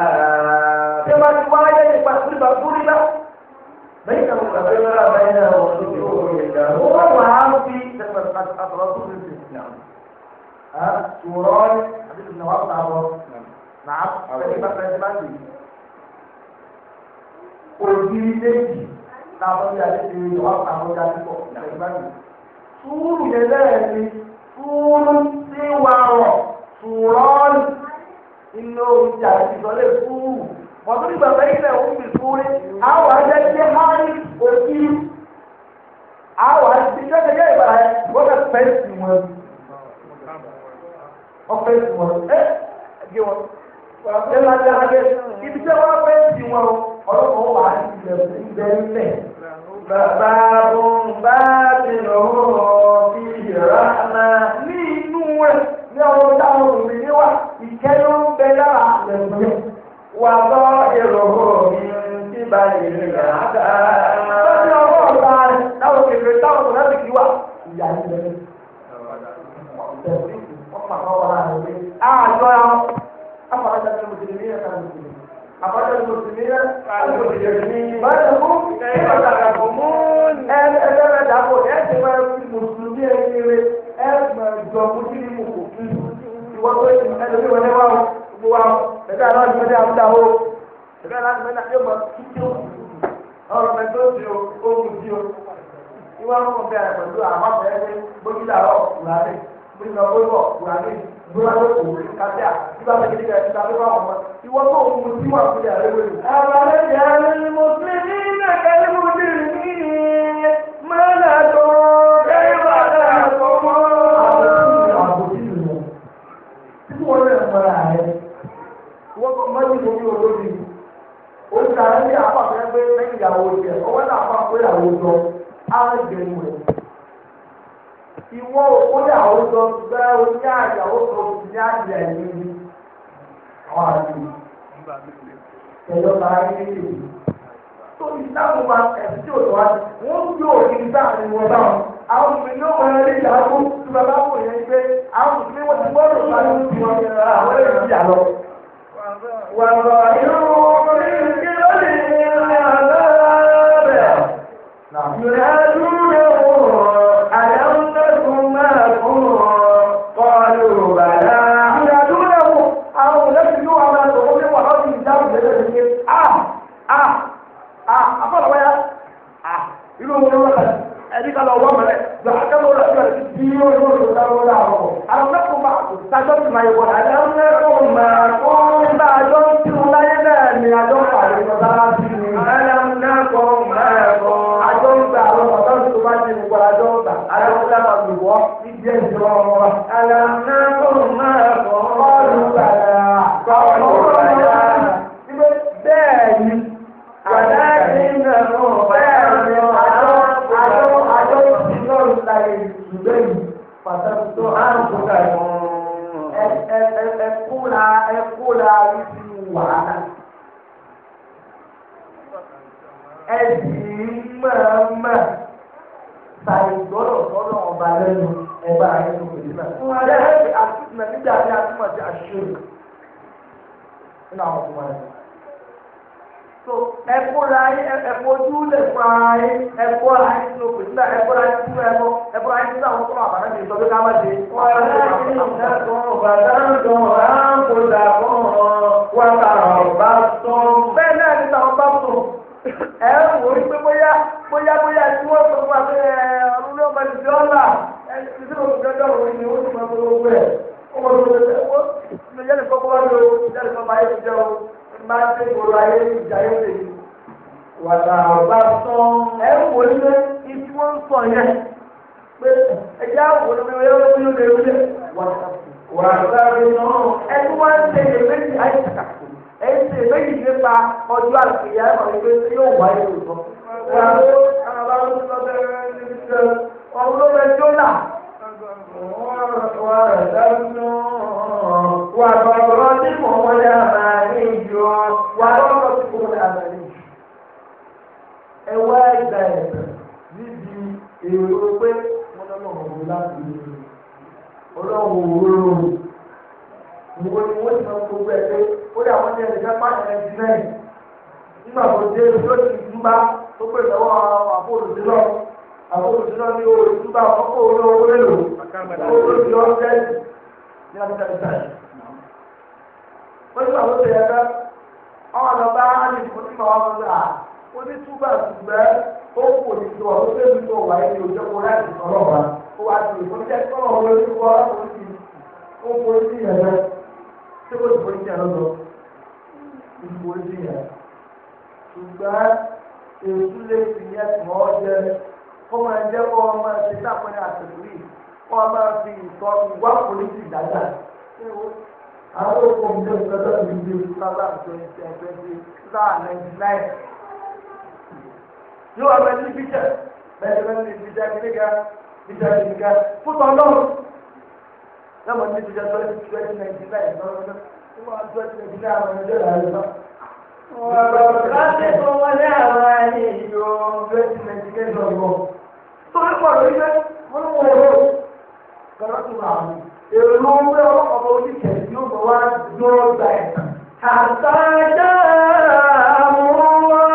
بين القبيلة بينه وصدره لله هو وعرفي أفراده في الإسلام ها سوران حديث ابن وابن عباس نعم فإيه بقى يتمنى ògiri méjì láwọn bí alẹ́ ti wá àwọn ọjà púpọ̀ lẹ́gbẹ̀rún. Súúrù yẹn bẹ́ẹ̀ ni súúrù sí wa rọ̀ inú oúnjẹ àti ìsọ̀lẹ̀ ọdún ìgbà bẹ́ẹ̀ náà ó fi kúrẹ́ àwọn àjẹjẹ hali òkú àwọn àjẹjẹ jẹjẹ ìgbà yẹn wọ́n fẹ́ fẹ́ǹsì wọn ọ̀fẹ́ǹsì wọn ẹ gé wọn ẹ máa jẹ àjẹ ibi tí wọ́n fẹ́ǹsì wọn ọlọ́kọ̀ wà á ti ilẹ̀ ìgbẹ́ ńlẹ̀. bàbá bá ti lọ fi ìrà máa ní inú ẹ̀ ní ọ̀rọ̀ táwọn òmìnira ìkẹ́ ló ń bẹ lára àgbẹ̀ وظاهره من قبل العذاب lọ́sí ọwọ́ ọ̀gá rẹ̀ táwọn kèfèrè táwọn kò lẹ́sìn kí wà. ìyá yìí lẹ́nu wọ́n pa àwọn ọ̀rọ̀ rẹ̀ pé mùsùlùmí mùsùlùmí báyọ̀ ẹ̀yìn rẹ̀ kò mú ẹgbẹ́ dàbò mùsùlùmí ẹ̀ gbogbo wa ẹgbẹ́ àlọ́ àti mẹ́ta àmúdà o ẹgbẹ́ àlọ́ àti mẹ́ta yóò mọ títí o ọ̀rọ̀ mẹ́ta ó ti o ó kù sí o ìwà ń kọ̀ bẹ́ẹ̀ pẹ̀lú àwọn ọ̀fẹ́ ẹgbẹ́ bójúlá ọ̀ ìgbà tó ń mu fún tó ní olóbi ó ti àárẹ̀ ní àpapọ̀ ẹgbẹ́ lẹ́yìn ìyàwó jẹ ọwọ́ náà àpapọ̀ ìyàwó jọ àárẹ̀ jẹ ìwé. ìwọ òkúlẹ̀ àwọn jọ gbẹ́ oní àyàwó jọ ní àyà ẹ̀yìn ni àwọn àdúgbò ẹ̀yọ́ ta ayé ní èyí. tó ìsáàmù wa ẹ̀sìn tí ò lọ́wọ́ wọ́n ń yóò ní sáàmù àwọn tajọ́ ti máa yẹ wọ́n àdáńlẹ́kọ̀ọ́ máa kọ́ àjọ ń kírun láyé náà ni àjọ ọ̀dà ìta yìí. ó ní àwọn tẹ̀yẹ náà ọ̀hún lọ bá àlè fún ní màá wọn gbà ó ní túbà ṣùgbẹ́ ó kò ní sọ ó lé mi tó wà ní òjò kó láti sọ lọ́wọ́ ó wá sí ìfún jẹ́ kọ́ ọ̀hún lórí wọ́ ó forí sí ìyẹn lọ tí kò sì forí sí ìyẹn lọ ìforí sí ìyẹn ṣùgbọ́n èsù lè fi yẹn tí wọ́n jẹ kó máa jẹ́ kó máa ṣe sáfún ní àtẹ̀kùrì kó máa fi ìtọ́ ìwá forí sí ìdájà àwọn olùkọ́ mi lóyún lọ́dọ̀ mi ní oṣù sábà twenty ten twenty sáà ninety nine yóò wá bẹ́ẹ̀ ní bíjà bẹ́ẹ̀ bẹ́ẹ̀ ní bíjà kíníkà bíjà kíníkà fúnpọ̀ lọ́rùn lọ́mọ ní bíjà twenty twenty ninety nine lọ́dọ̀ tí wọ́n twenty ninety nine àwọn ẹgbẹ́ rẹ̀ lọ́dọ̀. Ọ̀rọ̀ láti fún wọn ní àwọn ẹni ìlú twenty ninety nine lọ́dọ̀. Tó ń pọ̀ lórí bẹ́ẹ̀ wọ́n ń wọ̀ ọ́ èrò pé ọlọ́kọ̀ọ́ oníkẹ̀ yóò mọ̀ wá dúró gba ẹ̀sán. àtàjà àmúwá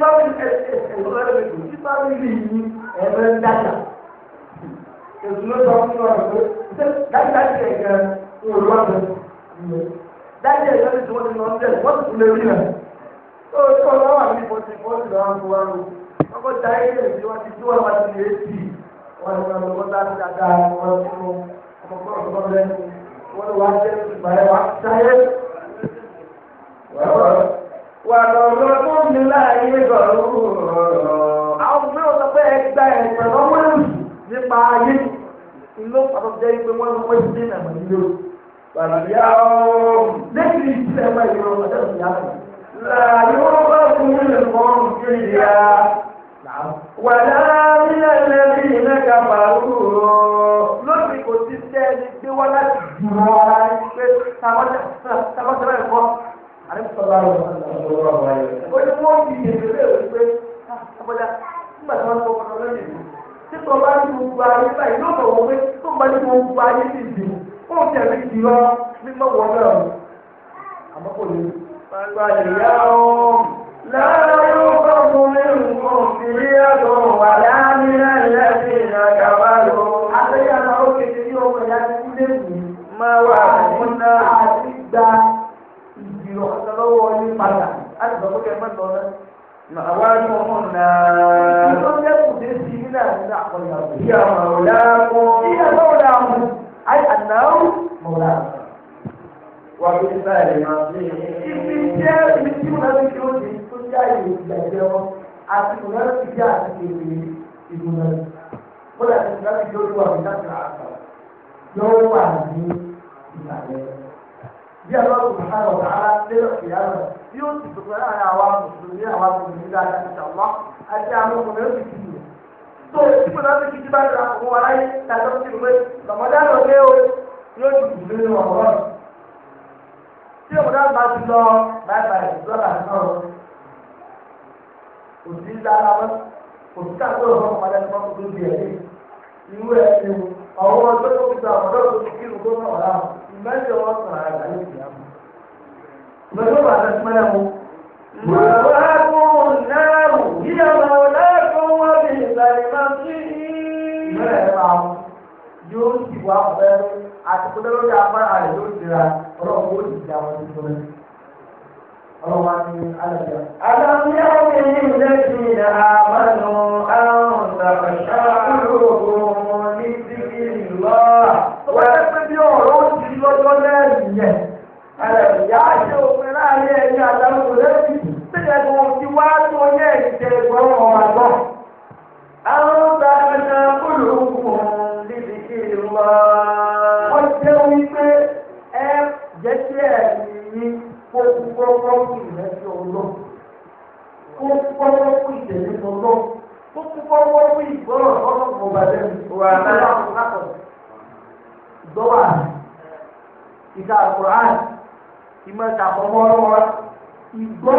bá wí ẹ̀ẹ́dẹ́gbẹ̀rún tí bá wí rí yín ẹ̀rọ ń dàgbà. èsì ló sọ fún wa pé ṣé dájúdájú ẹ̀gẹ́ ń wò lọ́dọ̀ dájú ẹ̀gẹ́ ti wọ́n ti lọ sí ẹ̀ wọ́n ti tún lè rí rẹ̀. tó o tó ọlọ́wà mi bó ti bó ti lọ́wọ́ fún wa lò wọ́n kó da ilé ìdí wọn ti tí wọ́n wá ti lè tì wọ́n ti lọ́wọ́ wọ́n dá dáadáa wọ́n ti mú ọ̀gbọ́n lẹ́nu wọ́n lè wá jẹ́ ìgbà wàdọ̀rọ̀ tó ní láàyè àwọn ọmọ yóò sọ pé ẹgbẹ́ ẹ̀sẹ̀ lọ́wọ́ ẹ̀rù nípa ayé ló pàtó jẹ́ pé wọ́n lọ́wọ́ sí nàmà nílò. Bàbá lẹ́yìn ìṣẹ́ ẹ̀ma ìrọ̀ ọ̀dọ́ ìyá rẹ̀. Láàyè wọ́n bá fún mi lè mọ ọ̀rùn kí ni ya. Wàlá mi lẹ́lẹ́ bí iná ka pàrọ̀. Lónìí kò ti tẹ́ ẹni gbé wá láti jùlọ ara ó ní wọ́n ti dèrò lẹ́yìn pé àbọ̀dá ah, nígbà tí wọ́n sọ ọmọ tó bá ní gbogbo ayé báyìí bá ní gbogbo ayé ti wà ní yọ ọ̀sán lọ́wọ́ yín padà láti sọ pé kẹ́mẹ́ lọ náà. Àwa ni ọmọ náà. Ìjọba kù dé sí ní náà ní àkọlẹ̀ àgbẹ̀. Ìyá màwùlá kọ́. Ìyá màwùlá kọ́. Àyè àdáwù màwùlá. Wà á fi sáyẹ̀ máa fi. Ibi jẹ́ ibi tí mo náà fi kí ó di tó jẹ́ àyè ìgbàjẹ́ wọn. Àti mo náà fi jẹ́ àti kèké ìgbìmọ̀. Mo náà fi jẹ́ àti kí ó tó àbí láti rà á sọ̀rọ̀. Yọ bí ọlọ́run kò sára ọ̀tá ara lérò kìíyà rẹ̀ bí ó ti tòkòrò láàrin àwa mùsùlùmí àwa mùsùlùmí dáadáa ti sàlọ́ àti àwọn ọmọ yóò ti kì í tó tí kò náà ti kì í bá dra òun wà láyé tàbí ti rú pé lọ́mọdé lọ lé o yóò ti kù nínú ọ̀rọ̀ rẹ̀ tí ọmọdé bá ti lọ báyìí báyìí lọ́la náà ọ̀rọ̀ ọmọdé ní wọ́n tó gbé ẹ̀ bẹ́ẹ̀ wọ́n sọ̀rọ̀ àgbà ní ìyá mu. Bẹ́ẹ̀ wọ́n àti mẹ́rin mu. Màwákùn náà yíyá máa lẹ́kùn wọ́n bí ìsàlẹ̀ máa sí i. Bẹ́ẹ̀ máa mú yóò sì wá ọ̀fẹ́ àti kó lórí agbára yóò dira ọlọ́run yóò sì dá wọn tuntun rẹ̀. Ọlọ́run wá ní yóò fi ní ilé sí ní àmàlù àrùn tàbí ṣáà lóògùn ní síbi ìlú. Wọ́n lọ́jọ́ lẹ́yìn yẹn ìyá àti òfin láàrin ẹ̀yìn àtàwọn òlẹ́sì sílẹ̀ tó ti wá tó yẹ ìṣẹ̀lẹ̀ gbọ́n ọ̀rọ̀ àgbọ̀. wọn. kà kọ́kọ́ lọ́wọ́ ìgbọ́n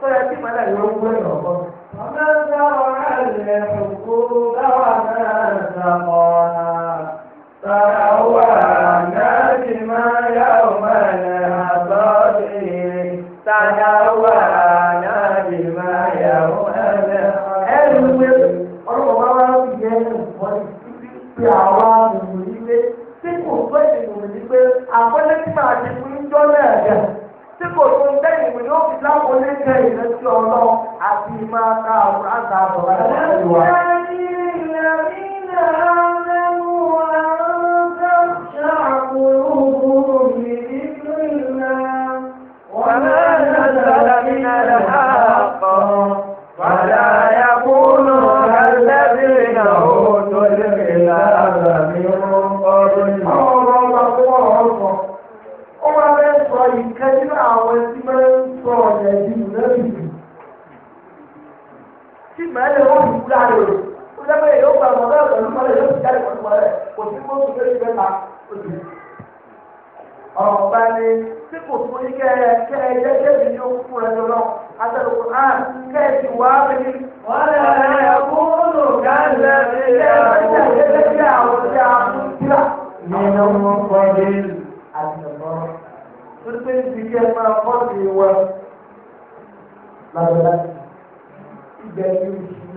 tó yẹ kí mọ́lẹ̀ ló ń gbé ọ̀kọ́. Ọ̀gá ọ̀gá ọ̀rẹ́ ilẹ̀ òkú dáwà náà sàmọ̀ náà. Sàràwà náà ti máa yá ọmọ ẹ̀ àbọ̀ sí i. Sàràwà náà ti máa yá ọmọ ẹ̀. Ẹ̀rù pé ọlọ́wọ́ wá wá sí yẹn ní ìfọ́ni pé àwa nìyí pé tí kò fẹ́ ìròyìn pé tí kò tó ń dẹ́yìn ìwé yóò fi láwọn oníṣẹ́ ìrẹsì ọlọ́ àti máa ta àwọn àtàwọn ọ̀rẹ́ ìwà. ولا نزل من الحق ولا يكون الذين اوتوا الكتاب من قبل wúlá rẹ̀ o. Ó jẹ́ pé yóò gba ọ̀dọ́ ìlú mọ́lẹ̀ yóò ti jáde pẹ̀lú mọ́lẹ̀ kò sí kó tún lórí mẹ́ta oṣù. Ọ̀pá ni tí kò tún ní kẹ́ ẹ kẹ́ ẹ jẹ́ kẹ́ mi ní ó fún ẹ lọ́wọ́. Àtẹ̀lù kò hàn kẹ́ ẹ ti wá mi. Wọ́n lè rẹ̀ kúrò káńtà mi lẹ́yìn Tuntun ti kẹ́ máa fọ́ọ̀tì wọn. Lábẹ́lá ibẹ̀ ni o ṣe.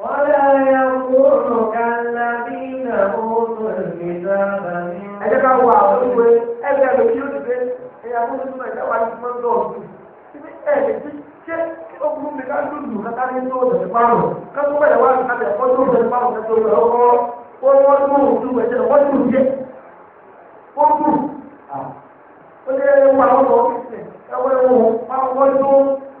ẹjẹ́ ká wọ àwọn ìwé ẹgbẹ́ ẹgbẹ́ kí ó ti dé ẹ̀yà fún ìdúró ẹ̀jẹ̀ wáyé fún ọjọ́ ọ̀gbìn ṣíbi ẹ̀jẹ̀ tí ṣé ogun mi ká lùlù kátà ní tó ọ̀dọ̀ ìparun kátó bẹ̀rẹ̀ wá kátà ẹ̀kọ́ tó ọ̀dọ̀ ìparun kátó bẹ̀rẹ̀ ọkọ wọn wọn tó ń tu ẹ̀jẹ̀ wọn tó ń jẹ ó tù ó lé wọn àwọn ọmọ ọ̀gbìn ẹ̀wọ̀n ẹ̀wọ̀n wọ́n ti dùn bí ti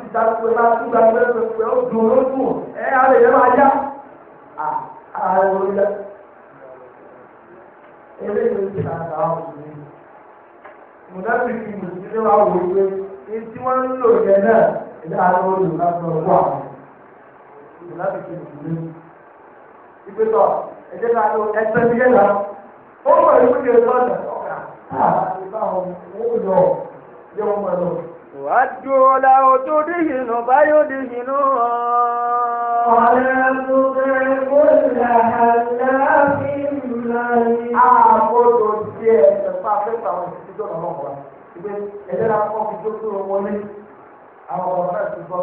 ti ta gbogbo náà tí wọ́n gbé pépé ó dùn ó dùn ẹ̀ á lè yẹ máa yá ara rẹ̀ wọ́n yẹ. ti ta ta ọ̀ sí i. mùdábì kì í mùsùlùmí wa wò pé tí ń lò náà náà ó lọ́dọ̀ ọ̀gá. àti ó ودوا لو تدهن فيدهنون ولا تطع كل حلاف مهين أعبد الدين فأخذت عن السجن الأخرى إذا لم أكن في جزء ومولي àwọn ọmọ náà ti gbọ́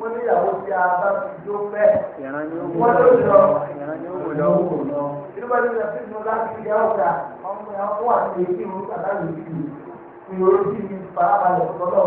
wọ́n ní ìyàwó tí a bá fi jó fẹ́ wọ́n ló lọ ìyàwó lọ nígbà tí wọ́n fi mú láti ìyá ọ̀gá ọmọ ìyàwó wà ní èyí ìwé àtàlù ìlú ìwé orí ti fi farabalẹ̀ sọ́dọ̀.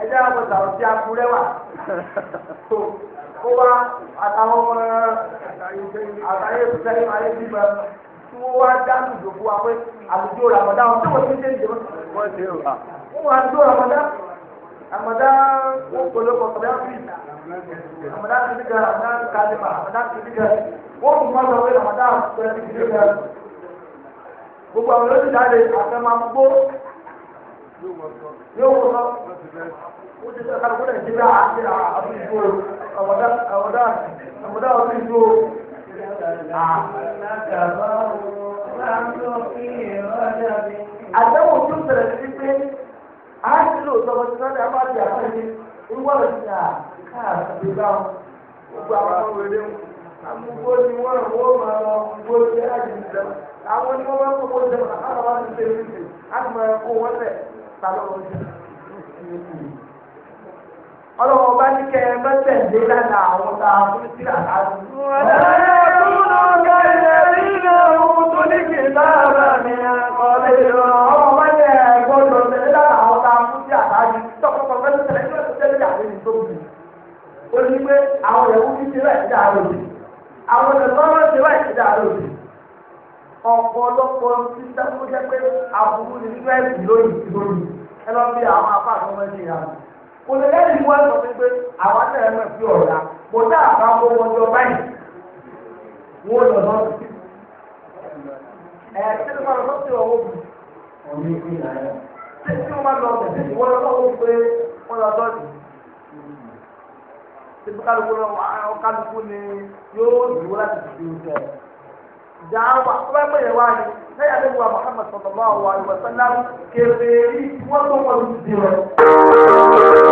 ẹjẹ àgbẹ̀ta ọtí akurẹ́wà kó wá àtàwọn ọmọ àtàyè ìfúsẹ́yìn ayé bímọ tí wọ́n wá dáhùn ìdòkú wa pé àlùjọ ràmọ̀dá wọn tí wọ́n ti ń ṣe ń jẹun. wọ́n ṣe o. wọ́n àlùjọ ràmọ̀dá ràmọ̀dá wọ́n polówó ọ̀rẹ́ fún ìta ràmọ̀dá kìíní kan ràmọ̀dá kálímà ràmọ̀dá kìíní kan wọ́n mú wọn lọ pé ràmọ̀dá ọ̀rẹ́ kìíní kan gbogbo àwọn olóṣèlú yóò wọ o ti sọ kára kódà ìdílé tó bẹ̀rẹ̀ sí pé a ti lò sọ̀rọ̀ tí wọ́n ti apá ti àpá yìí wíwá sí bá wọn gbogbo àwọn ọmọ wọ́n máa lọ àwọn wọ́n máa ń ṣe é máa kó lẹ̀. ta ọlọ́wọ́ bá ní kẹ́ ẹ mẹ́tẹ̀ẹ̀dé lánàá àwọn tá a fún síra láti. wá sọ pé àwọn náà mọ̀ sí ọ̀la kò dá àbá kó wọn jọ báyìí wọ́n lọ lọ sí. ẹ̀ẹ́dẹ́gbẹ̀rún tí wọ́n lọ sí ọwọ́ bù. ọ̀nà ìpín náà yẹn. tí wọ́n bá lọ bẹ̀ sí wọ́n lọ sọ́wọ́ pé wọ́n lọ sọ́ọ̀dì. tí kálukú lọ kálukú ni yóò dúró láti fi oúnjẹ. dáhùn àkọ́bẹ́pẹ́ yẹn wá ní lẹ́yìn àdéhùn Muhammad sallallahu alaihi wasallam kẹfẹ́ yìí wọ́n tó wọ́n ti di rẹ̀.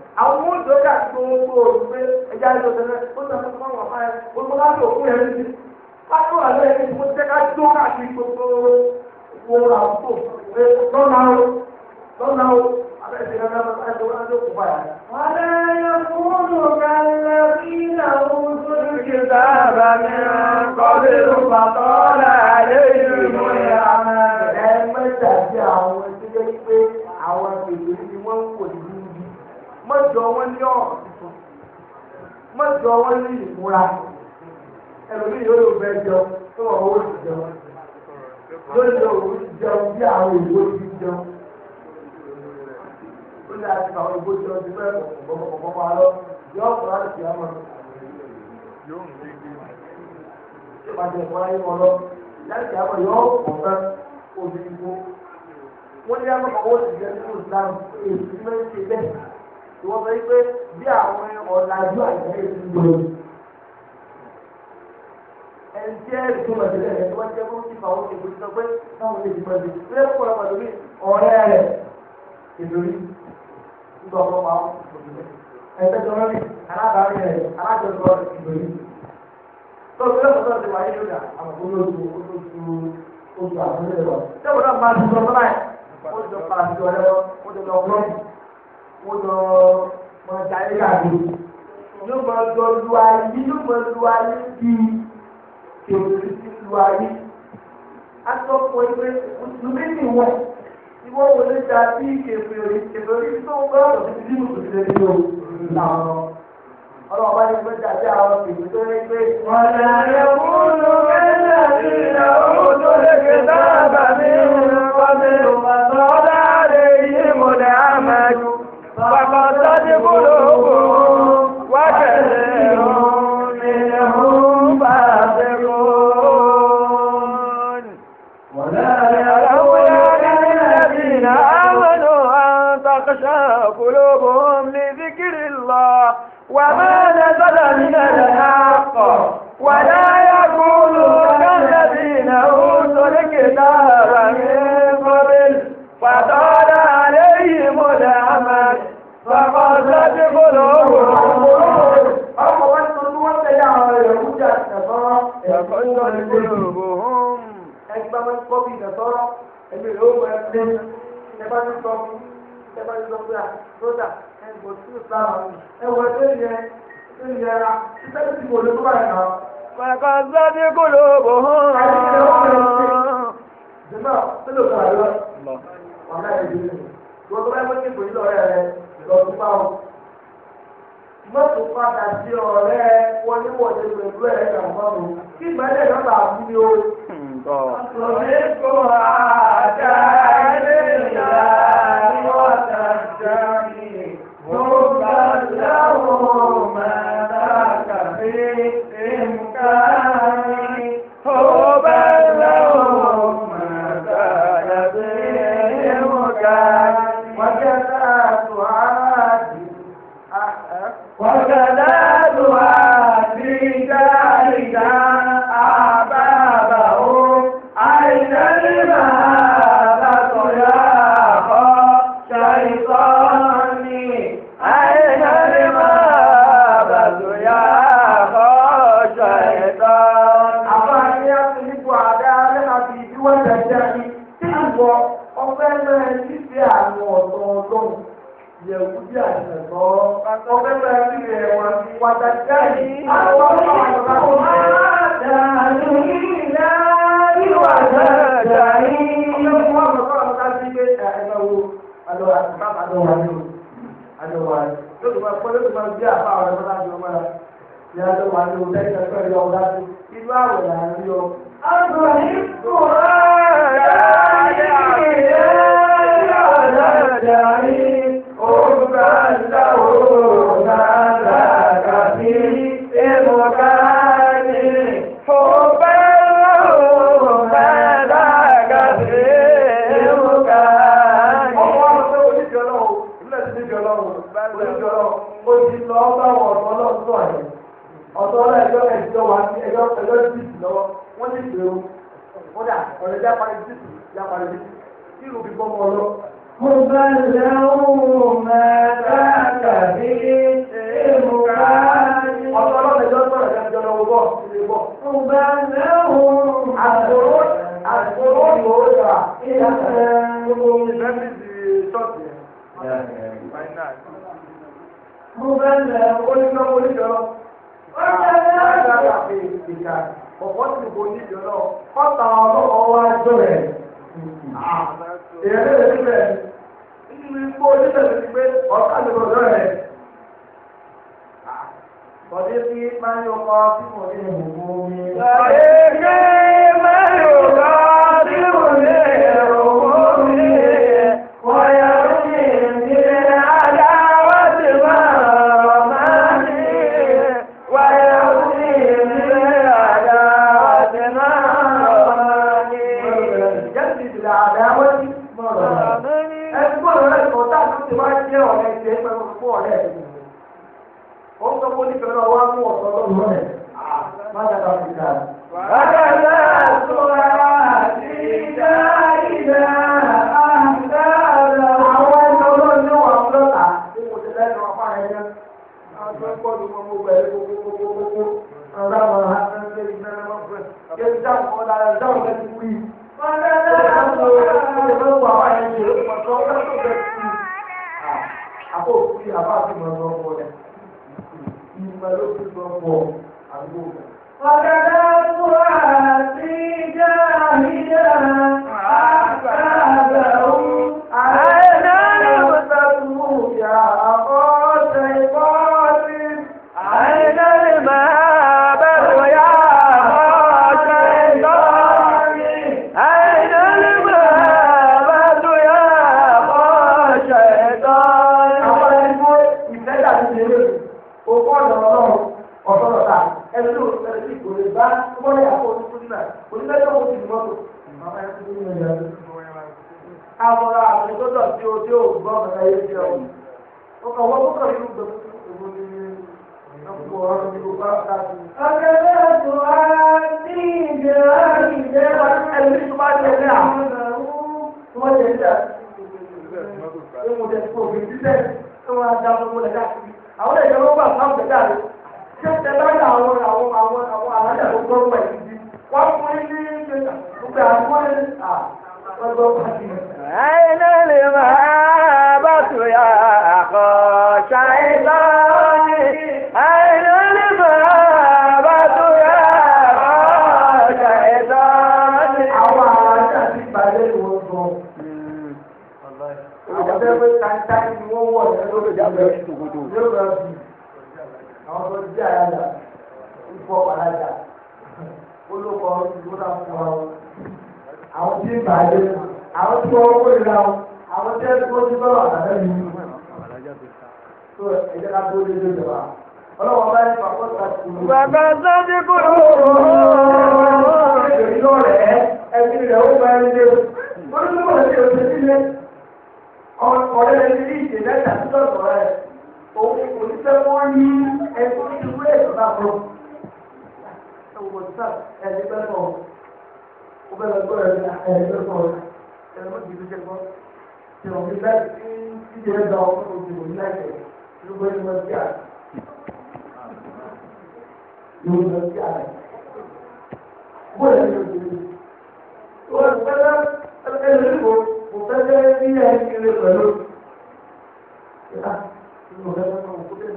àwọn ọmọ òjò ọjà ti gbowó gbó o pé ẹja ìjọ tẹ́lẹ̀ ó sọ fún wọn wàhálà ẹ ó sọ láti òkú yẹn níbi pátó àlọ yẹn níbi mo jẹ ká tó káàkiri gbogbo wo àwùjọ pé lọ́nà o lọ́nà o abẹ́rẹ́ ti rẹ́rẹ́ lọ́nà ẹ̀jọ̀ wọn ló kó báyà. wọ́n lé ẹ̀kúnnù kálẹ̀ kí làwọn ojú ti sábà ní kọ́lé òpàtọ́ làálẹ́ ìlú mọ́ ẹ̀ àwọn ẹgbẹ́ tàbí àwọn ẹgbẹ́ pé àwọn èdè ni wọ́n ń kò ní mọ́jọ wọn ní ọ̀rọ̀ tuntun mọ́jọ wọn ní ìmúra ẹlòmíì yóò lò bẹ́ẹ̀ jọ tó wọ́n owó ti jẹun lórí lọ òwò ti jẹun bí àwọn òyìnbó ti jẹun ó ní àti àwọn òyìnbó jẹun ti fẹ́ bọ̀bọ̀bọ̀bọ̀ alọ́ yọ ọ̀pọ̀ láti fi àmọ́ ìpàdé ẹ̀kọ́ ayé wọn lọ láti àmọ́ yọ ọ̀pọ̀ fẹ́ òbí wọ́n ní àmọ́ owó ti jẹun ní ìsìlámù èyí ti mẹ́rin ti bẹ́ẹ̀ tí wọ́n fẹ́ pé bí àwọn ọ̀làjú àìsàn ti ń lò ẹni tí ẹ tó bàtí lẹ ẹ wọ́n jẹ́ fún ìfà òkè tó sọ pé táwọn lè ti bàtí lé kọ́ra pàtó bí ọ̀rẹ́ rẹ̀ ìdòrí nígbà ọ̀pọ̀ pa ọ́ ẹgbẹ́ tó rọ́ọ̀lì alábàárẹ̀ rẹ̀ alájọsọ ìdòrí tó fi lọ́pọ̀ tó ti wà ní ìlúdà àwọn olóòtú olóòtú kó lọ mọ ìdáyé gàdú yóò mọ lọ lu ayé yóò mọ lu ayé bí kèwòsì ti lu ayé asọ́pọ̀ ìwé mùsùlùmí ni wọ́n ìwọ́n wò lè dá sí kèfèrè kèfèrè tó ń bá ọ̀rọ̀ títí mùsùlùmí lè lò làwọn ọlọ́ọ̀bá ni pé dàbí àwọn kèfèrè tó lè gbé. wọ́n lè rẹ̀ kúrò mẹ́ta sí ìyàwó tó lè gbé sábà ní ìrìn àpamẹ́ òmàtọ́ ọ̀dà. قلوبهم فاسقون ولا الذين آمنوا أن تخشى قلوبهم لذكر الله وما نزل من الحق ولا يكونوا كالذين أوتوا الكتاب من قبل فضل àti bọ́ọ̀lù ọ̀wọ̀. ọkọ̀ wọn sọ pé wọ́n tẹ̀lé àwọn ẹ̀rọ ìjà ìtẹ̀fọ́rọ́. ẹ̀fọ́ ń lọ ní ẹgbẹ́ wọn kọ́ ẹgbẹ́ ìlú ọ̀wọ̀ ẹgbẹ́ ẹgbẹ́ ń sọ fún ẹgbẹ́ ń sọ fún ẹgbẹ́ tí ó sára ẹwọ́ tó yẹ tó yẹra títẹ́ tó ti ló tó bá yẹn lọ. Kọ̀ọ̀kan tó lò fún àlọ́. Ọ̀gá ìdílé. Gbogbo ẹgbẹ́ kékeré lọ́rẹ́ rẹ̀ lọ sí báwọn mọ́tò padà sí ọ̀rẹ́ wọléwọ̀de pẹ̀lú ẹ̀ ẹ̀wọ̀n mi kí ìgbàlẹ̀ náà bá fi ni o. Sọ̀rọ̀ kò àjà ilé ìyá ni wọ́n ta jẹ́ mi. Mo gbàdúrà wọ̀. وتتخذ أولادكما سبيلا وتتعين Ìyájọ́ wa ni o tẹ́lẹ̀ ẹgbẹ́ ìyá ọ̀gá sí inú àwẹ̀ là ń rí ọ. Àgbọ̀n ní kò rẹ̀ ẹ̀dá ìyá ìyá ọ̀dà ìyá.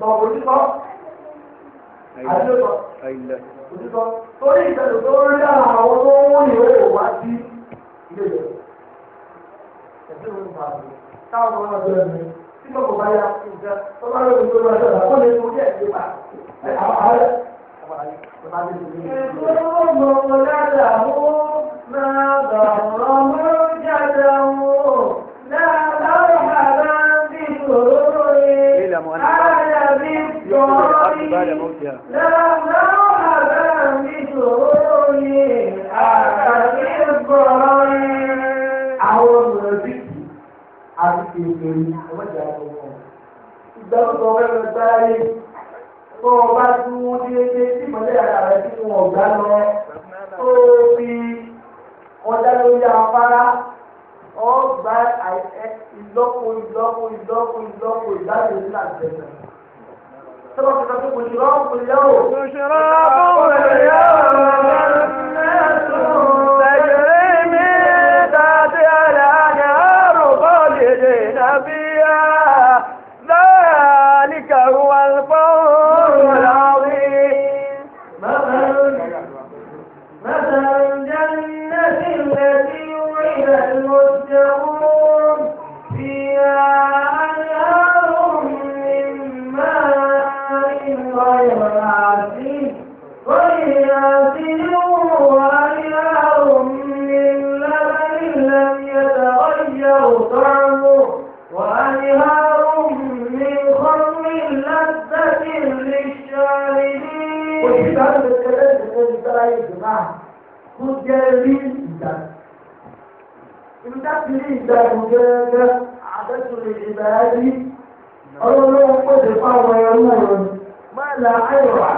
lọ òtítọ́ àdúgbò òtítọ́ torí ìṣẹ̀lẹ̀ tó rí àwọn tó ń ní owó wá sí ilé rẹ̀ ẹ̀sìn ló ń fa àgbẹ̀ táwọn ọmọ ọdún ẹ̀mí tí mo kò bá yá nǹkan tó bá lóyún tó lọ sọ̀rọ̀ kó lè mú díẹ̀ sí wa àwọn ààrẹ àwọn ààrẹ tó bá lè mú díẹ̀ sí wa. ètò ìgbòho lára mú máa bàrọ̀ mú jáde wò lára bàbá bí kòró. يعلم أن يقبل الأرض بعد موتها àwọn ọmọ ẹbí àti èdè ní ọjà ọmọ ìgbàlódé ọmọ ẹgbẹ gbáyé tó o bá dúró déédéé tí mọ̀lẹ́ ọ gba eh, ìlọ́po ìlọ́po ìlọ́po ìlọ́po ìdájọ́ nílà jẹ̀dá. Sọ́kọ̀ tó kọ́ kò ṣe rọ́ọ̀kù yẹ́wò. Kò ṣe rọ́ọ̀kù yẹ́wò. òṣìṣẹ́ àgbẹ̀kẹ́lẹ́ ìdílé ìdára ìdùnnà tó jẹ́ rí ìjà. Ìjà ti rí ìjà ìgbẹ́gẹ́ àbẹ́tùrì ìgbà rí ọlọ́run pèsè fáwọn ẹrú rẹ̀ máa la àìrà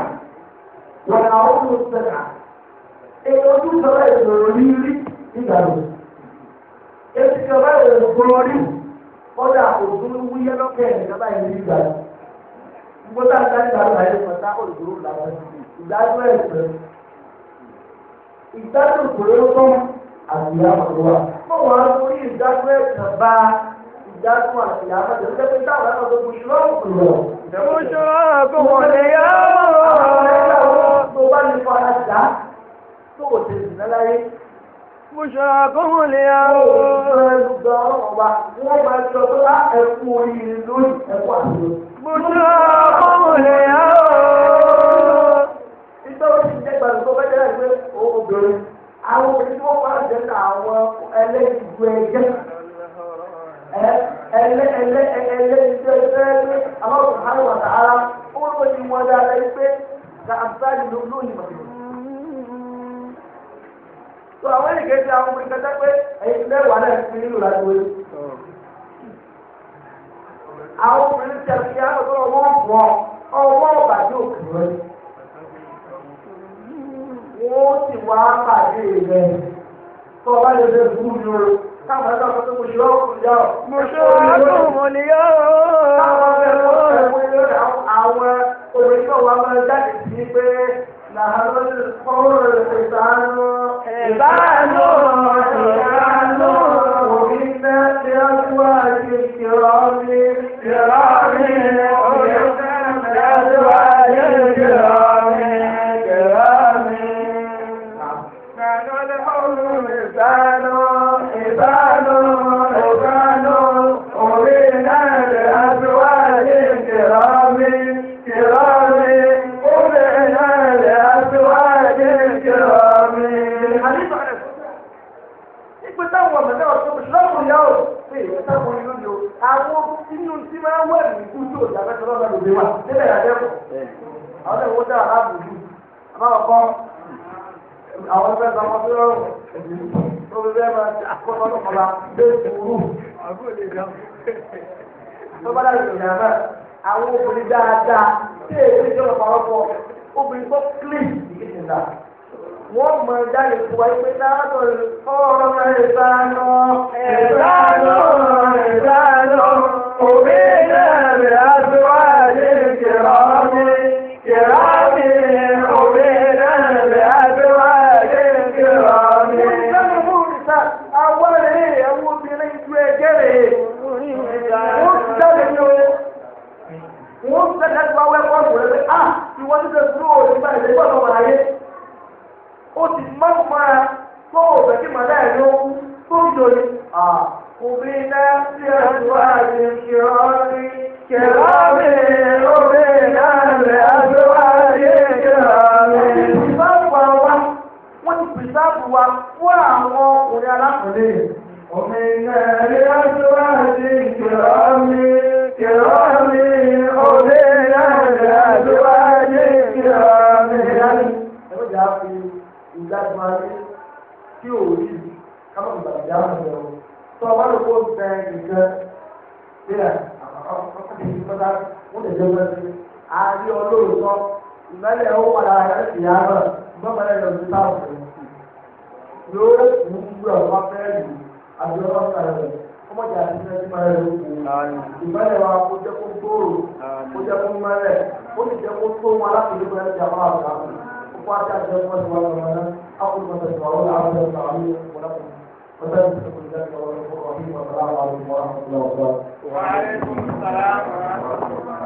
wọn àwọn tó sẹ̀dá. Èyí ojú sọ̀rọ̀ ìṣòro ní rí ìgbà rẹ̀. Èyí sọ̀rọ̀ ìṣòro rí kọ́dà òṣèlú wúyẹ́ lọ́kẹ́ ìjọba mọ́tà ń dájú àwọn àyè pàtà olùdúró làwọn ìdájọ́ ẹ̀sẹ̀ ìdájọ́ ìkòrò tó àgbìyà àmàlùwà mọ̀ wá lórí ìdájọ́ ẹ̀sẹ̀ bá ìdájọ́ àgbìyà àmàlùwà tó tẹ́tẹ́ táwọn ẹ̀rọ tó kùsù lọ́wọ́ kùsù lọ́wọ́. Oṣù àgùnwò ni yá mọ̀. Tó bá ní fara dá tó o ti sìn láyé. Oṣù àgùnwò Ó ń gbọ́ ọ̀rọ̀ wa, wọ́n máa ń sọ pé ẹ̀kú oríire lórí ẹ̀kú àti lórí àwọn ènìyàn kejì àwọn obìnrin kẹta pé ẹ̀yin mẹ́wàá náà ti nílò láti wọlé àwọn obìnrin tẹ̀sí àwọn ọwọ́ ọ̀pọ̀ ọwọ́ ọ̀bàdì òkùnrin wọ́n sì wá pàdé rẹ̀ tó bá lè lè fún mi o káwọn ẹgbẹ́ tó mo ṣe ọkùnrin yá o. mo ṣe ọkùnrin yá o. káwọn ẹgbẹ́ ọ̀pọ̀ tó àwọn obìnrin náà wà máa jáde sí pé làwọn ọ̀rọ̀ ìsàánú ìbáàánú ìbáàánú. الأزواج الكرام كرام الأزواج الكرام كرام نحن الحب لسان لسان sáwọn inú ni o àwọn inú tí máa wẹ̀ ní kújú òjà lọ́dọ̀ lòdì wa débẹ̀ àjẹkù àwọn ẹ̀wọ̀n ó dára láàbù yìí àbáwọ̀ kọ́ àwọn ẹgbẹ́ sọmọ tó rọrùn tó fi bẹ́ẹ̀ máa ti àkọ́kọ́ lọ́kọ̀ọ́lá dé ìwúrú. tó bá dàbí ìjà náà àwọn obìnrin dáadáa tí èyí tó obìnrin náà. wọ́n mọ ìdáyé fún wa pé láàárọ̀ ọ̀rọ̀ ẹ̀dánù ẹ̀dánù ẹ̀dánù òwe. mọ́ra kó o fẹ́ kí màdá ẹ̀ ló kó o jò ní. Òbí náà ti àdúrà ní kìrọ́ọ̀lì kìrọ́ọ̀lì òbí náà lè àdúrà ní kìrọ́ọ̀lì. Ìbáwọ̀ wa wọ́n ti pìsáàbù wa fún àwọn ọkùnrin alákùnrin. Òbí náà lè àdúrà ní kìrọ́ọ̀lì kìrọ́ọ̀lì òbí náà lè àdúrà. láti máa rí tí ò rí káwọn ìgbà ìdáhùn rẹ o tó o bá lè kó bẹ nǹkan bí ẹ ọkọọkọọkọọkọ ìfọdà wọn lè dẹgbẹ sí àárí ọlọ́ọ̀tọ́ ìmọ̀lẹ̀ ó padà ẹ̀sì àárọ̀ ìgbọ́mọlẹ̀ lọ sí táwọn ọ̀rẹ́ yóò mú gbúdọ̀ wá fẹ́ẹ́ lù àbí ọlọ́ọ̀tà rẹ̀ ọmọdé àti sẹ́ńtì máa rẹ̀ lóko ìmọ̀lẹ̀ wa kó jẹ́ kó gbòòrò kó jẹ́ kó mọ́lẹ̀ kó sì jẹ́ kó tó wọn alákòóso ẹ̀jẹ̀ àwọn àwọn àwọn. وعليكم السلام ورحمة الله وبركاته. وعليكم السلام ورحمة الله